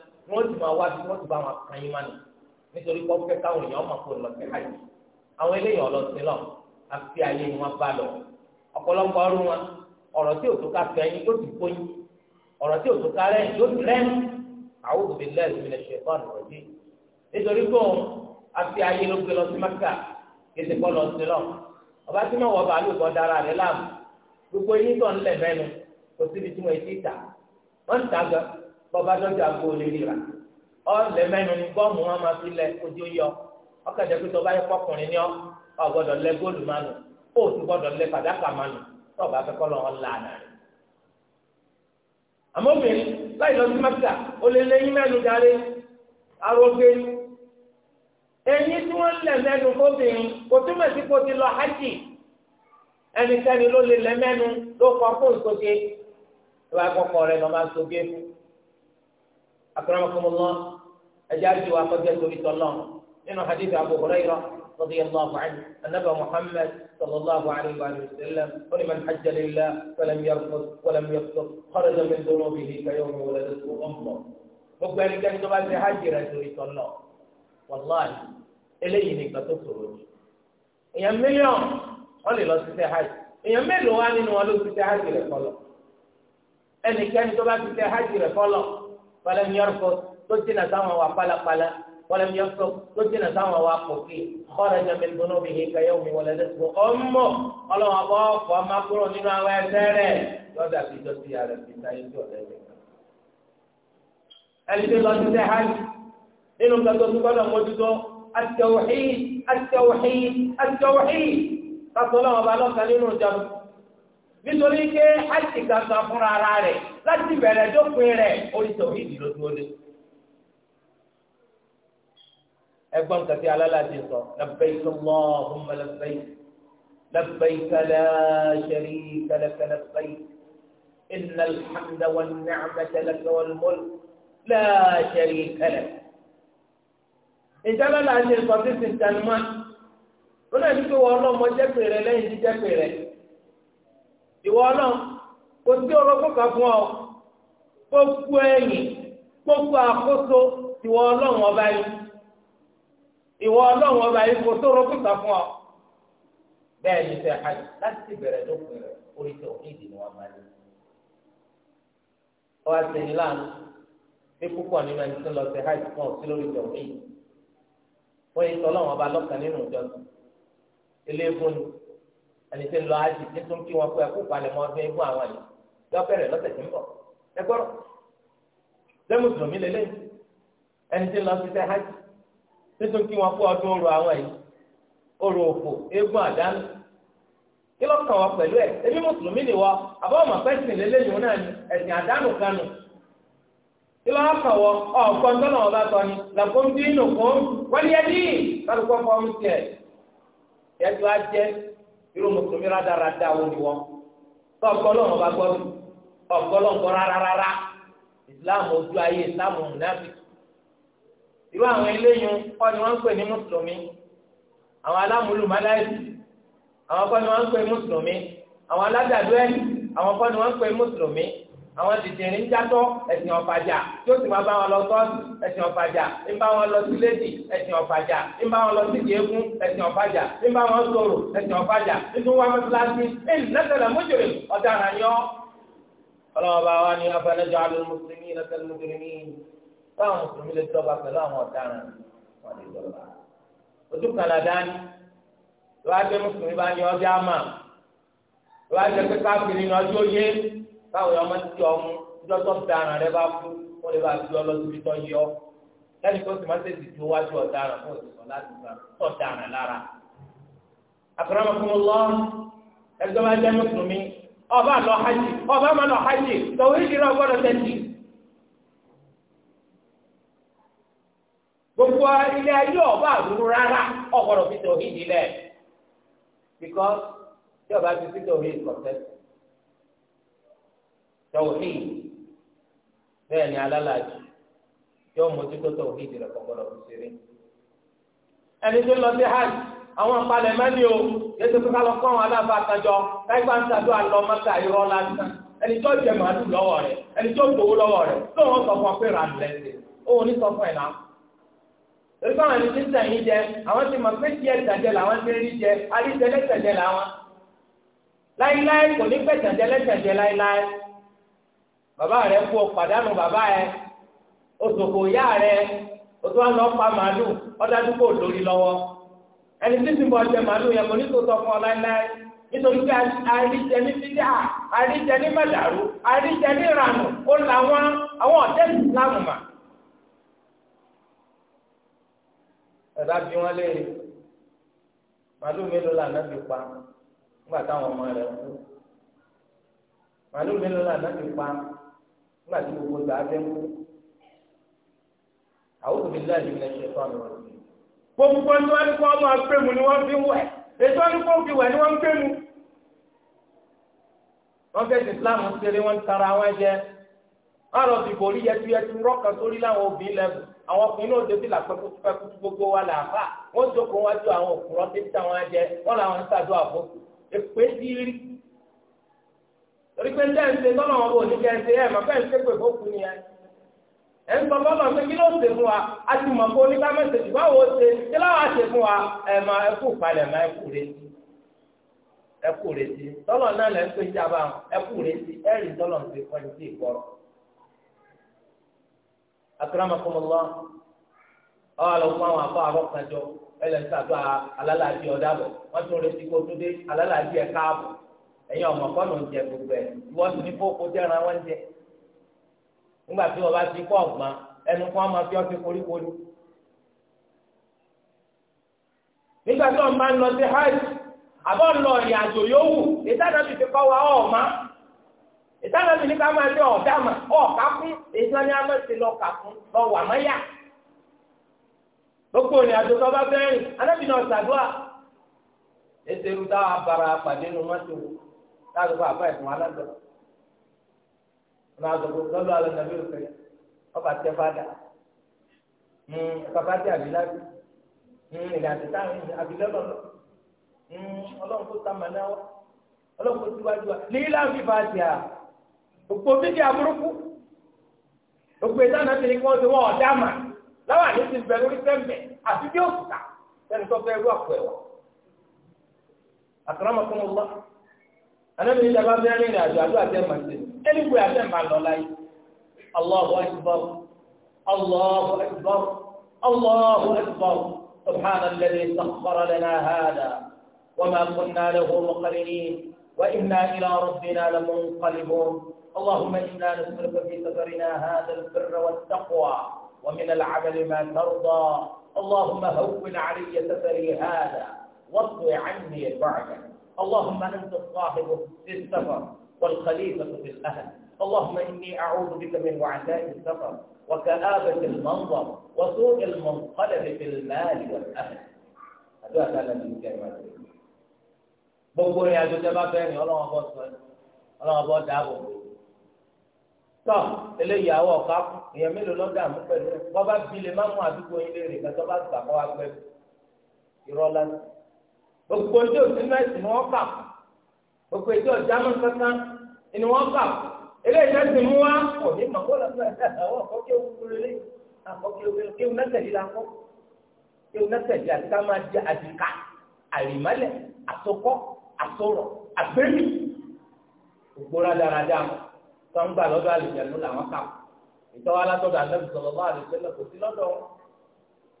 wọ́n ti máa wá sí wọ́n ti bá wọn kàn yín mánu nítorí pé ọ̀fẹ́ káwọn èèyàn máa kó lọ sí hajj àwọn eléyàn ọlọ́sìn lọ àfi ayé wọn bá lọ ọ̀pọ̀lọpọ̀ ọrùn wọn ọ̀rọ̀ tí òtún ká fẹ́ yín yóò ti kó yín ọ̀rọ̀ tí òtún ká rẹ́yìn yóò ti rẹ́yìn àwọn òbí lẹ́yìn ìpínlẹ̀ ṣẹ̀fọ́n rọ̀jí nítorí pé òun àfi ayé ló gbé lọ sí maka kéde kọ́ lọ lọ ọba tí wọn wọ bàálù kan dára rẹ láàmú gbogbo yín tó ń lẹ̀ mẹ́nu kò síbi tí wọn ti ta wọn ń ta gan bọ́ba dọ́jà kó o lè rira ọ̀lẹ́ mẹ́nu ni bọ́ọ̀mù wọn máa fi lẹ ojú yọ ọ̀kadà pé tọ́ba yẹ kọkùnrin ni ọ ọ̀gbọ́dọ̀ lẹ góòlù máa nù ó sì gbọ́dọ̀ lẹ fàdákà máa nù tọ́ba akẹ́kọ̀ọ́ lọ́wọ́ lànà rẹ̀. àmọ́ obìnrin láì lọ sí mẹ́ta ó lè lé yín mẹ́nu darí arógbé ẹ̀yin tí wọ́n lẹ̀ mẹ́nu fóbìnrin kò túmọ̀ sí kó ti lọ hajj ẹnikẹ́ni ló lè lẹ mẹ́nu ló kọ́ fóònù sókè ìwà àkọ́kọ́ rẹ̀ lọ́ máa sókè fún akramakumullah ẹjẹ àjò akọjẹ torí tọlọ nínú hadith abu hurairah radiyallahu anhu anaba muhammad sallallahu alayhi wa sallam wani man hajja lillah falam yarfus walam yafsuq kharaja min dunubihi kayawmi waladathu ummuh gbogbo ẹnikẹ́ni tó bá ti hajj rẹ̀ torí tọlọ wàláhi eléyìí ni ìgbà tó sòrò jù èèyàn mílíọ̀nù wọ́n lè lọ sí ṣe hajj èèyàn mélòó wá nínú wọn ló ti ṣe hajj rẹ̀ kọlọ̀ ẹnikẹ́ni tó bá ti ṣe hajj rẹ̀ kọlọ̀ wọlé yọrọkọ tó jìnnà sáwọn wà pálapàla wọlé yọrọkọ tó jìnnà sáwọn wà kòkì kọrọ jẹmi dunu bi hi kẹyọ mi wọlé dẹ tó ọmọ ọlọmọ bọ fọ ọmọ kúrò nínú àwọn ẹsẹ̀ rẹ̀ lọdà bí tó ti yàrá bí táyé tó ọdẹ rẹ. ẹni tó lọ sí sẹ hàn nínú gbàgbọ́ tó gbọ́dọ̀ mójútó àtẹwòhí àtẹwòhí àtẹwòhí kásán náà ọba lọ́kàn nítorí pé hajj gbàgbà fúnra ara rẹ̀ láti bẹ̀rẹ̀ dópin rẹ̀ oríṣi òhìdì ló dúró dé. ẹgbọ́n nǹkan tí alálàájì sọ labbayka Allahumma labbayk labbayka la sharika laka labbayk innal hamda wan ni'mata laka wal mulk la sharika lak. ìjálálàájì sọ sí tẹnumọ wọn náà ní kí wọn lọ́mọ jẹ́ pèrè lẹ́yìn jíjẹ́ pèrè. ìwọ náà kò sí orogún fún ọ gbogbo ẹ̀yìn gbogbo àkóso ìwọ ọlọ́run ọba yìí ìwọ ọlọ́run ọba yìí kò sí orogún fún ọ bẹ́ẹ̀ ni fẹ́ hajj láti orí wọn láàánú nínú ẹni tó lọ sí sí lórí sọ ẹni tí ń lọ ájì ní tó ń kí wọn pé ẹkú palẹ̀ mọ́ ọdún eégún àwọn yìí lọ́bẹ̀rẹ̀ lọ́sẹ̀ tí ń bọ̀ ẹ gbọ́rọ̀ ṣé mùsùlùmí lélẹ̀ ẹni tí ń lọ ṣiṣẹ́ hajj tí tó ń kí wọn pé ọdún orò àwọn yìí orò òfò eégún àdánù kí ló kàn wọ́n pẹ̀lú ẹ̀ ebi mùsùlùmí ni wọ́ àbọ̀wọ̀mọ̀ pẹ́sìn lélẹ́yìn náà ni ẹ̀sìn àdánù kanu kí ló kàn wọ́n ọ̀kan tó náà bá tọ́ ni làkúndínlùkún wọ́n yẹ dí kálukọ́ fọ́ọ̀mù tiẹ̀ irú mùsùlùmí rádaràda wo ni wọn tó ọgbọlọ́wọ́n bá gbọ́ bí ọgbọlọ́wọ́n gbọ́ rárára islam ojú ayé islam munafi irú àwọn eléyìí kọ́ ni wọ́n ń pè ní mùsùlùmí àwọn alámúlù máláìsì àwọn kọ́ ni wọ́n ń pè mùsùlùmí àwọn aládàdúẹ́ àwọn kọ́ ni wọ́n ń pè mùsùlùmí àwọn dìtìrín ń jatọ́ ẹ̀sìn ọ̀fàjà tí ó sì máa bá wọn lọ sọ́ọ̀sì ẹ̀sìn ọ̀fàjà ń bá wọn lọ sí lédì ẹ̀sìn ọ̀fàjà ń bá wọn lọ sí ìyẹ́gún ẹ̀sìn ọ̀fàjà ń bá wọn sọ̀rọ̀ ẹ̀sìn ọ̀fàjà nítorí wọn mọ́tíláṣí ẹ̀yìn lẹ́sẹ̀lẹ̀ mọ́jòrè ọ̀daràn yọ. ọlọ́mọba wa ni afẹnẹjọ alẹ́ mùsùlùmí lẹ́sẹ̀lẹ̀ mùsùlùmí báwọn mùsùlùmí lè tọ́ba pẹ̀lú àwọn ọ̀daràn wọn lè káwọn ọmọ ti tọ́ ọmú ìjọ́tọ̀ dára rẹ bá kú ó lè bá fi ọlọ́sí fi tọ́ yọ lẹ́nu tó sì máa ń tètè tó wájú ọ̀daràn fún òṣìṣọ́ láti gbà tọ́ dára lára. àkàràmọ̀ fún lọ ẹgbẹ́ wa jẹ́ mùsùlùmí ọba lọ hajj ọba máa lọ hajj tọ̀wé ìdíra ọgbọ́dọ̀ tẹ̀sí. gbogbo ilé ayé ọba àdúró rárá ọgbọ́dọ̀ fi tọ̀wé ìdílẹ̀ because tí ọba ti fi tọ̀wé ìkọ̀tẹ́sì tawhid bẹ́ẹ̀ ni alálàájì yóò mójútó tawhid rẹ̀ kọ̀ọ̀kọ̀lọ̀ ṣeré. ẹni tó lọ sí hajj àwọn apalẹ̀ mẹ́ni o yẹtù kí kálọ̀ fún àwọn aláfa àtàjọ káyipá ń sàdó àlọ́ mọ́tà lásán ẹni tó jẹ màálù lọ́wọ́ rẹ̀ ẹni tó gbowó lọ́wọ́ rẹ̀ tó wọn sọ fún ọ pé rà òun ní sọ fún ẹ̀ náà ẹni tí ń jẹ àwọn ti pé tí làwọn ti rí jẹ bàbá rẹ kú ọ pàdánù bàbá yẹ oṣòkò ìyá rẹ oṣù wa lọ pa màálù ọdájú kò lórí lọwọ ẹni tí ti bọ ọjẹ màálù yẹ kò ní tó sọ fún ọ láíláí nítorí pé àríjẹ ní fídíà àríjẹ ní mẹdàrú àríjẹ ní ìranù ó làwọn àwọn ọ̀tẹ́ ìsìlámù mà. ẹ̀dá bí wọ́n lé mélòó là náà fi pa nígbà táwọn ọmọ rẹ̀ kú mélòó là nígbà tí gbogbo ta a ń kú àwọn òbí láàyè ní ẹsẹ̀ tó àná rẹ̀. gbogbo tí wọ́n ní kó ọmọ agbẹ́mu ni wọ́n fi wẹ̀ ètò wọn ní kó fi wẹ̀ ni wọ́n ń gbẹ́mu. wọ́n fẹ́ ti Islam ṣeré wọ́n tara wọn jẹ wọ́n lọ fi borí yẹtuyẹtu rọ́ọ̀kan sórí láwọn òbí lẹ́bùn àwọn ọkùnrin náà débi làpẹ́ kútúpẹ́kútú gbogbo wa làáfà wọ́n jókòó wájú àwọn òkúrọ́ débi táwọn á jẹ wọ́n làwọn ń ṣàdúrà fún èpè díírí torí pé ńlẹ́ ń ṣe tọ́nà wọn bò ní kẹ́ ń ṣe ẹ̀ màá fẹ́ ń ṣépè fókù ni ẹ. ẹ̀ ń sọ bọ́lọ̀ pé kí ló ṣe fún wa a ti mọ̀ kó nípa mẹ́sẹ̀jì báwo ṣe kí láwa ṣe fún wa ẹ̀ máa ẹ kú palẹ̀ máa ẹ kú retí ẹ kú retí tọ́lọ̀ náà lẹ́ ń pè jábà ẹ kú retí ẹ rí tọ́lọ̀ ń ṣe fún ẹ akramakumullah ọlọ fún àwọn afọ àrọkànjọ ẹlẹsàtọ alálàájì ọdàbọ wọn tún retí kó tó dé alálàájì ẹ káàbọ̀ ẹ̀yin ọmọ kọ́ ló ń jẹ gbogbo ẹ̀ wọ́n sì ní kókó jẹ́ra wọ́n ń jẹ nígbà tí wọ́n ti kọ́ ọ̀gbọ́n ẹnu máa fi ọtí koríkorí nígbà tí wọ́n bá ń lọ sí hajj àbọ̀ lọ àjò ìtànà ti fi kọ́ wa ọ̀ọ́mà ìtànà ti ní ká máa ní ọ̀ọ́ká fún ní a ti lọ kà fún lọ wà abara láti kó àbá ẹ̀sùn alágbọ̀n ọlọ́wọ́ àgbọ̀n lọ́lọ́ alẹ́ nàbí òfin ọba tẹ fada hmm, bàbá tẹ àbíláṣí hmm, ìdàtí táwọn àbílẹ́ lọ́lọ́ hmm, ọlọ́run kó sá wa ọlọ́run kó wa àbúrúkú ìdáná wọ́n ọ̀dá mà láwọn ti bẹ̀rù orí àti bí sẹ́ni tó fẹ́ rú àpò anábìrì ìjà bá bẹ́ẹ̀ rìnrìn àjò àdúrà tẹ́ máa ṣe ẹni pé àtẹ́ máa lọ láyé Allahu akbar Allahu akbar Allahu akbar subhana alladhi sakhkhara lana hada wa ma kunna lahu muqrinin wa inna ila rabbina lamunqalibun اللهم إنا نسألك في سفرنا هذا البر والتقوى ومن العمل ما ترضى اللهم هون علي سفري هذا واطوي عني بعدك اللهم أنت الصاحب في السفر والخليفة في الأهل اللهم إني أعوذ بك من وعداء السفر وكآبة المنظر وسوء المنقلب في المال والأهل هذا فعلا من كلمات بقول يا جو جبا بيني الله أبوه الله أبوه دابو صح اللي يا وقف يميل لون دام بابا بيلي ما مو أدوكو إليري كتبات بقوة بيلي يرولان gbogbo ojú òsì náà sì ni wọ́n kà gbogbo ojú ọjà mọ́ kankan ni wọ́n kà eléyìí náà sì mú wa òní màkúrò àwọn àkọ́kẹ́ òwúrọ̀ lé àkọ́kẹ́ òwúrọ̀ kéwù náà tẹ̀lé la kọ́ kéwù náà tẹ̀lé àti ká máa di àdìka àrìmálẹ̀ àsokọ́ àsọ̀rọ̀ àgbẹ̀mí gbogbo rádaràdà tó ń gbà lọ́dọ̀ àlùjànnú làwọn kà ìtọ́wálátọ́dọ̀ àlẹ́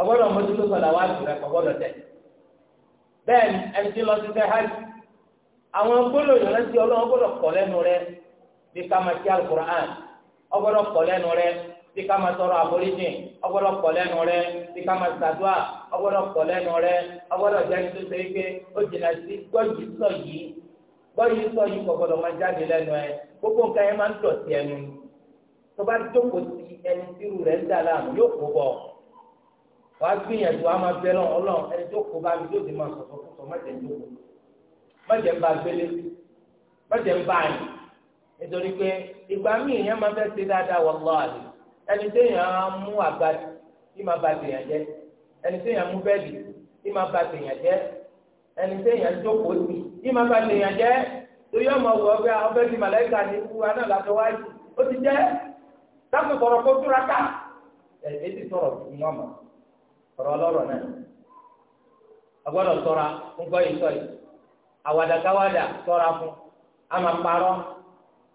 ọgbọ́dọ̀ mójútó sọ̀dà wá jù rẹ̀ ọgbọ́dọ̀ tẹ̀. bẹ́ẹ̀ ni ẹni tí lọ sí fẹ́ hajj àwọn gbọ́dọ̀ ìrántí ọlọ́run gbọ́dọ̀ kọ̀ lẹ́nu rẹ̀ bí ká máa ti alukur'an ọgbọ́dọ̀ kọ̀ lẹ́nu rẹ̀ bí ká máa tọrọ àforíjì ọgbọ́dọ̀ kọ̀ lẹ́nu rẹ̀ bí ká máa ṣàdúà ọgbọ́dọ̀ kọ̀ lẹ́nu rẹ̀ ọgbọ́dọ̀ jẹ́ni tó ṣe pé ó jìnnà sí gbọ́dọ̀ sọ yìí gbọ́dọ̀ sọ yìí kọ̀gbọ́dọ̀ máa jáde lẹ́nu ẹ gbogbo nǹkan yẹn máa ń dọ̀tí ẹnu tó bá jókòó Wa gbìyànjú àmà bẹ lọ Ọlọ́run ẹni tó kó bá mi tó ti máa sọsọ fún sọ mẹjẹ tó kó ń bá gbélé mẹjẹ ń bá yìí nítorí pé ìgbà míì yẹn máa fẹ́ ṣe dáadáa wọ àlè ẹni mú àgbà tí máa ba tèèyàn jẹ ẹni tó mú bẹ́ẹ̀dì tí máa ba tèèyàn jẹ ẹni sí máa ba tèèyàn jẹ torí ọmọ ọbẹ ah, ọbẹ màlẹ́kà ní ikú aná wáyé ó ti kó túra ká ẹ̀ ẹ́ ti Ọrọ ọlọ́rọ̀ náà agbọ́dọ̀ ṣọ́ra fún gbọ́ yìí àwàdàkáwàdà ṣọ́ra fún àmà parọ́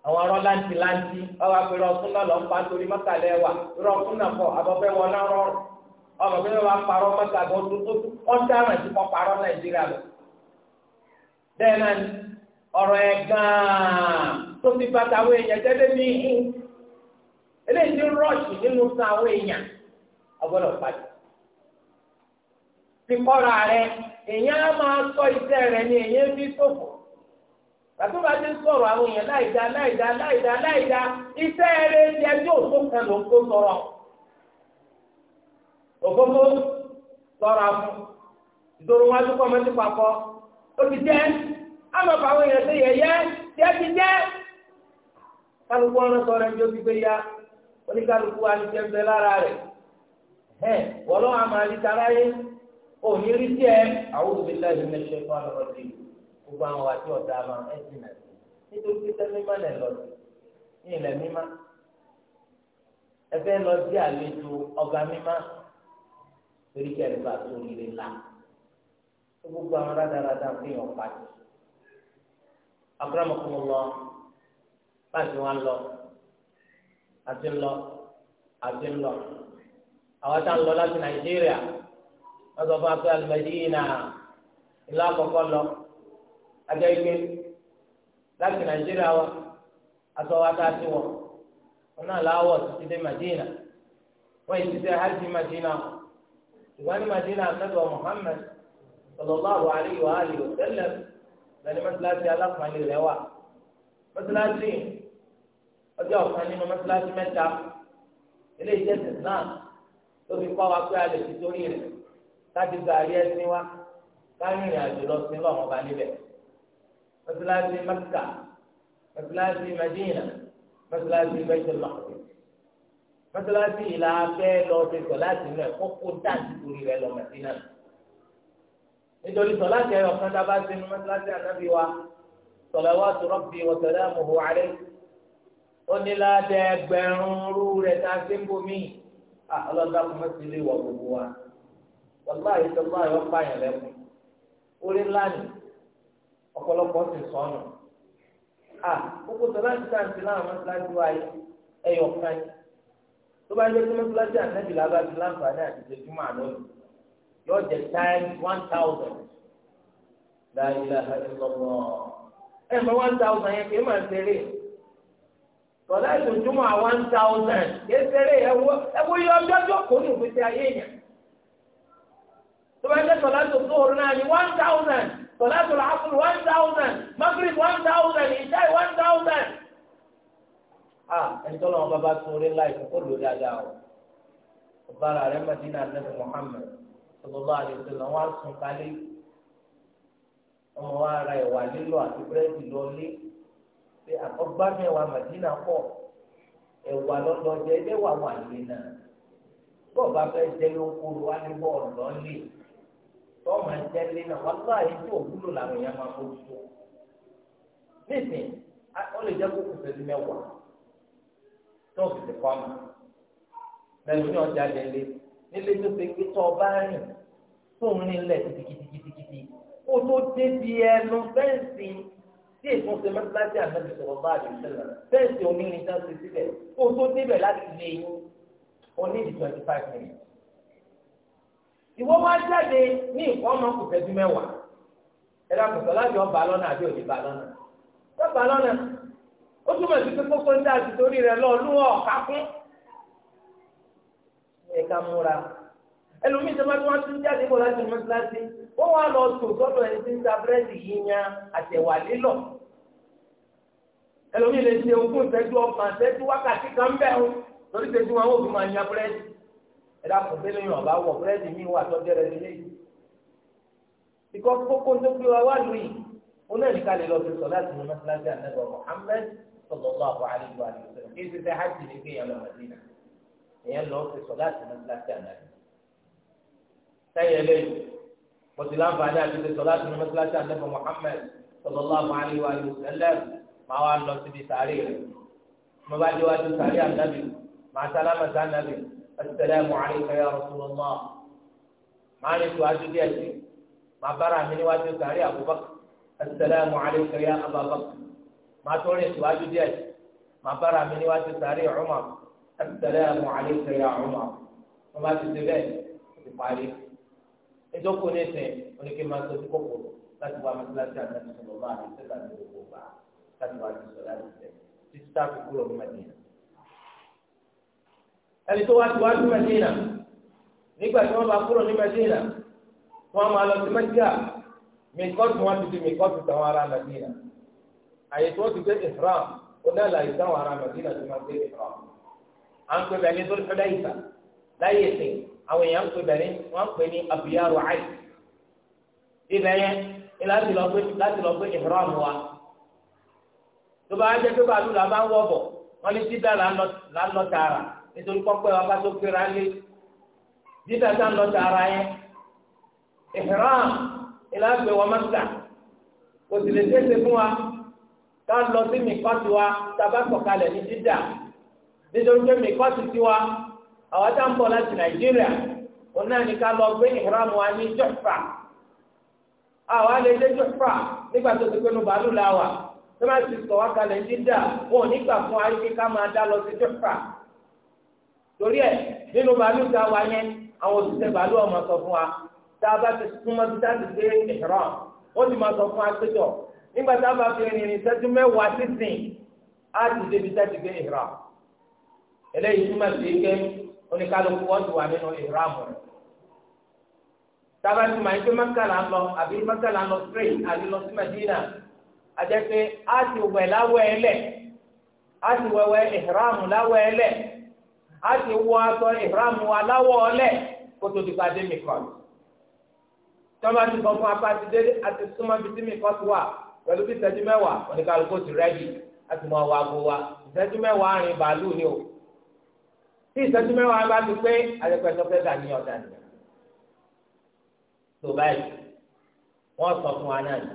àwọn ọ̀rọ̀ láǹtì láǹtì ọwọ́ ń pa torí wa rọ náà fọ wọn náà ọdún nàìjíríà lọ. bẹ́ẹ̀ náà ni ọ̀rọ̀ ẹ̀ gan-an tó ti bàtà àwọn èèyàn fi kọ́ra rẹ èèyàn á máa sọ iṣẹ́ rẹ ni èèyàn fi sòfò. Bàtú bá ti sọ̀rọ̀ àwọn èèyàn láìda láìda láìda láìda iṣẹ́ rẹ̀ ti ẹjọ́ òfófó ló ń kó sọ̀rọ̀. Òfófó sọ̀rọ̀ àfún. Ìdòrò wọn adúgbò ọmọ ti papọ̀. Ó ti jẹ́ èèyàn yẹ̀yẹ́ ẹ ti ya. Oníkálukú wa ni jẹ́ ń bẹ lára rẹ̀. ò ní rí sí ẹ àwọn òbílẹ̀ ìlú ẹ̀ṣẹ̀ fún alọ́ọ̀dì gbogbo àwọn àti ọ̀dà àwọn ẹ̀sìn náà nítorí pé sẹ́mímà lẹ̀ lọ sí ní ilẹ̀ mímá ẹ fẹ́ lọ sí àlejò ọba mímá torí kí ẹ̀rọ bá tó nílé la gbogbo àwọn rádaràdà fi hàn pàdé abúlámọ̀ kún lọ báyìí wọn lọ àti ń àti ń àwọn tá lọ láti Nàìjíríà wọ́n sọ fún akpé alimẹ́dínà ìlú àkọ́kọ́ lọ agẹ́gbẹ́ láti nàìjíríà wa aṣọ wa tá a ti wọ̀ wọn náà láwọ̀ títí dé madina wọ́n yìí ti dé hajj madina ìwọ́n ní madina anabiwa muhammed sallallahu alayhi wa alayhi wa sallam lẹ́ni mọ́tíláṣí alákùnrin rẹ̀ wà mọ́tíláṣí ọjọ́ ọ̀kan nínú mọ́tíláṣí mẹ́ta ilé iṣẹ́ islam tó fi kọ́ wa pé a lè torí rẹ̀ kájú gàrí ẹsìn wa kárìnrìn àjò lọ sí lọ́wọ́ ọba níbẹ̀ mọ́sálásí mẹ́kà mọ́sálásí mẹ́dínà mọ́sálásí bẹ́tẹ̀ mọ́kàtí mọ́sálásí ìlà abẹ́ lọ sí sọ láti inú ẹ̀ kókó dáàtì torí rẹ̀ lọ mẹ́dínà nítorí sọ láti ẹ̀rọ kan dábà sí inú mọ́sálásí ànábì wa salawatu rabbi wa salamuhu alayhi ó ní ládẹ́gbẹ̀rún rú rẹ̀ tá a wàlúwà yìí tó máa yọ pààyàn lẹ́kùn orí ńlá ni ọ̀pọ̀lọpọ̀ sì sọnù à kókó sọlá ti sáǹtì láwọn mọ́tíláṣí wáyé ẹ̀yọ̀ kan tó bá yẹ kí mọ́tíláṣí ànábì lábàbí láǹfààní àti ìṣèjúmọ́ àná yóò jẹ times one thousand láyé láhàbí lọ́wọ́ ẹ̀ mọ́ one thousand yẹn kì í máa ṣeré sọlá ìṣèjúmọ́ one thousand kì í ṣeré ẹ̀wọ́ ẹ̀wọ́ yọ ọjọ́ ọjọ́ kò ní òfin ti ayé yẹn tó bá jẹ́ sọ̀látò zuhur náà ní one thousand sọ̀látò 1000 one thousand magrib one thousand ìṣáì one thousand. a ẹni tó lọ́wọ́ bàbá tún orí ńlá ìfún kó lò dáadáa o ọ̀bára rẹ̀ Madina anabi Muhammad sallallahu alaihi wasallam wọn sùn kálí ọmọ wa ara ìwà lílo àti búrẹ́dì lọ́lé pé àkọ́gbádùn ẹ̀wà Madina pọ̀ ẹ̀wà lọ́dọọdẹ ẹ̀dẹ́wà wà lé náà bọ́ọ̀ bá fẹ́ jẹ́ lóko wá ní bọ́ọ̀lù lọ́lé tọ́wọ́ máa jẹ́ lé náà wọ́n tó àyè tí òwúlò làwọn èèyàn máa fojú tó. nísìn ó lè jẹ́ kókò sẹ́dí mẹ́wàá tó o sì ti kọ́ mà lẹ́nu ní ọjà lẹ́lẹ́ nílé tó ṣe pé tọ́ ọ bá rìn tó ń rìn lẹ̀ kìtìkìtìkìtì kó tó débi ẹnu fẹ́ǹsì tí èso ṣe mẹ́tíláṣí ànábì sọ̀rọ̀ bá àdìsí lọ fẹ́ǹsì onírin dá ṣe sílẹ̀ kó tó débẹ̀ láti lè oní ìdí twenty five minutes ìwọ wá jáde ní ìkọ́mọ kò fẹ́jú mẹ́wàá ẹ dàpọ̀ sọ láti ọba lọ́nà àbí òní ba lọ́nà ọba lọ́nà ó túmọ̀ sí pé kókó ń dá àti torí rẹ lọ lúwọ̀ ọ̀ká fún ẹ̀ka múra ẹlòmíì tó bá tí wọ́n tún jáde bọ̀ láti mọ́sálásí ó wá lọ tó sọ́dọ̀ ẹni tí ń ta búrẹ́dì yíyan àtẹ̀wà lílọ̀ ẹlòmíì lè ṣe ogún ìṣẹ́jú ọgbọ̀n ìṣẹ́jú wákàtí kan bẹ́ẹ̀ torí ṣe tí wọn ó fi máa yan búrẹ́dì ẹ̀dá kò bẹ́lẹ̀ yàn bá wọ̀ búrẹ́dì mi wà tọ́jú rẹ̀ nílé yìí. Bíkọ́ kókó tó gbé wa wá lù yìí, ó náà ní kálí lọ sí sọ láti mú mọ́sálásí ànágbà Mùhàmmẹ́d sallallahu alaihi wa sallam. Kí ṣiṣẹ́ hajj ní kéèyàn lọ Màdínà. Ìyẹn lọ sí sọ láti mọ́sálásí ànágbà. Sẹ́yìn eléyìí, mo ti láǹfààní àti ṣe sọ wá lọ síbi sàárè rẹ̀. Mo bá dé wájú sàárè ànábì, màá sálámà sànábì. السلام عليك يا رسول الله ما لك واجب ما برا من واجد كاري أبو بكر السلام عليك يا أبا بكر ما تولي واجب يأتي ما برا من واجد كاري عمر السلام عليك يا عمر وما تدبين تقاري إذا كنت ولكن ما تتكفر لا تبقى مثل هذا النبي صلى الله عليه وسلم لا تبقى لا تبقى تسلم تستعفي كل مدينة ẹni tó wá ti wá sí mẹsìnà nígbà tí wọ́n bá kúrò ní mẹsìnà wọ́n máa lọ sí mẹsìnà mìkọ́tù wọn ti di mìkọ́tù táwọn ará mẹsìnà àyè tí wọ́n ti gbé ìfram ó dá láyé táwọn ará mẹsìnà ti máa gbé ìfram à ń pè bẹ́ẹ̀ ní Dhul Hulayfa láyé ìsìn àwọn èèyàn ń pè bẹ́ẹ̀ ní wọ́n pè ní abiyaru ayi ibẹ̀ yẹn láti lọ gbé láti lọ gbé ìfram wa tó bá jẹ́ pé bàálù làbá ń wọ̀ bọ̀ wọ́n ní dídá là ń lọ tààrà nítorí pọ́pẹ́ wa bá tó gbéra lé dídá tá ń lọ tààrà yẹn ìhìrán ìlàgbé wa Mákkà kò sì lè tẹ́sẹ̀ fún wa ká lọ sí mìkọ́tì wa tàbá sọ̀kalẹ̀ ní dídá nítorí pé mìkọ́tì tiwa àwọn tá ń bọ̀ láti Nàìjíríà òun náà ní ká lọ gbé ìhìrán wa ní Jọ̀fà àwọn alẹ́ ilé Jọ̀fà nígbà tó ti pé nu bàálù la tó bá ti sọ̀ wá kalẹ̀ dídá wọn ò ní gbà fún wa kí ká máa dá lọ sí Jọ̀fà torí ẹ nínú bàálù tá a wá yẹn àwọn òṣìṣẹ́ bàálù ọmọ sọ fún wa tá a bá ti súnmọ́ tí tá a ti dé ìṣòro ó ti máa sọ fún wa péjọ nígbà tá a bá fi rìn rìn sẹ́jú mẹ́wàá sísìn á ti débi tá a ti dé ìṣòro eléyìí túmọ̀ sí ike oníkálukú wọn ti wà nínú ìṣòro àmọ́ rẹ̀ tabati ma ike maka la lọ àbí maka la lọ straight àbí lọ sí madina àjẹpé a ti wẹ̀ láwẹ̀ ẹlẹ̀ a ti wẹ̀wẹ̀ ìhìrámù láwẹ̀ ẹlẹ̀ a ti wọ aṣọ ìhàmù aláwọ̀ ọlẹ̀ kó tó ti pàdé mi kọ́ tọ́ba ti sọ fún apá ti dé àti súnmọ́ bíi tí mi kọ́ ti wà pẹ̀lú bí ìṣẹ́jú mẹ́wàá oníkàlùkù ti rẹ́dì láti mọ àwọn aago wa ìṣẹ́jú mẹ́wàá rìn bàálù ni o tí ìṣẹ́jú mẹ́wàá bá ti pé àyẹ̀pẹ̀ sọ pé dàní ọ̀dà ni tó báyìí wọ́n sọ fún wa náà ni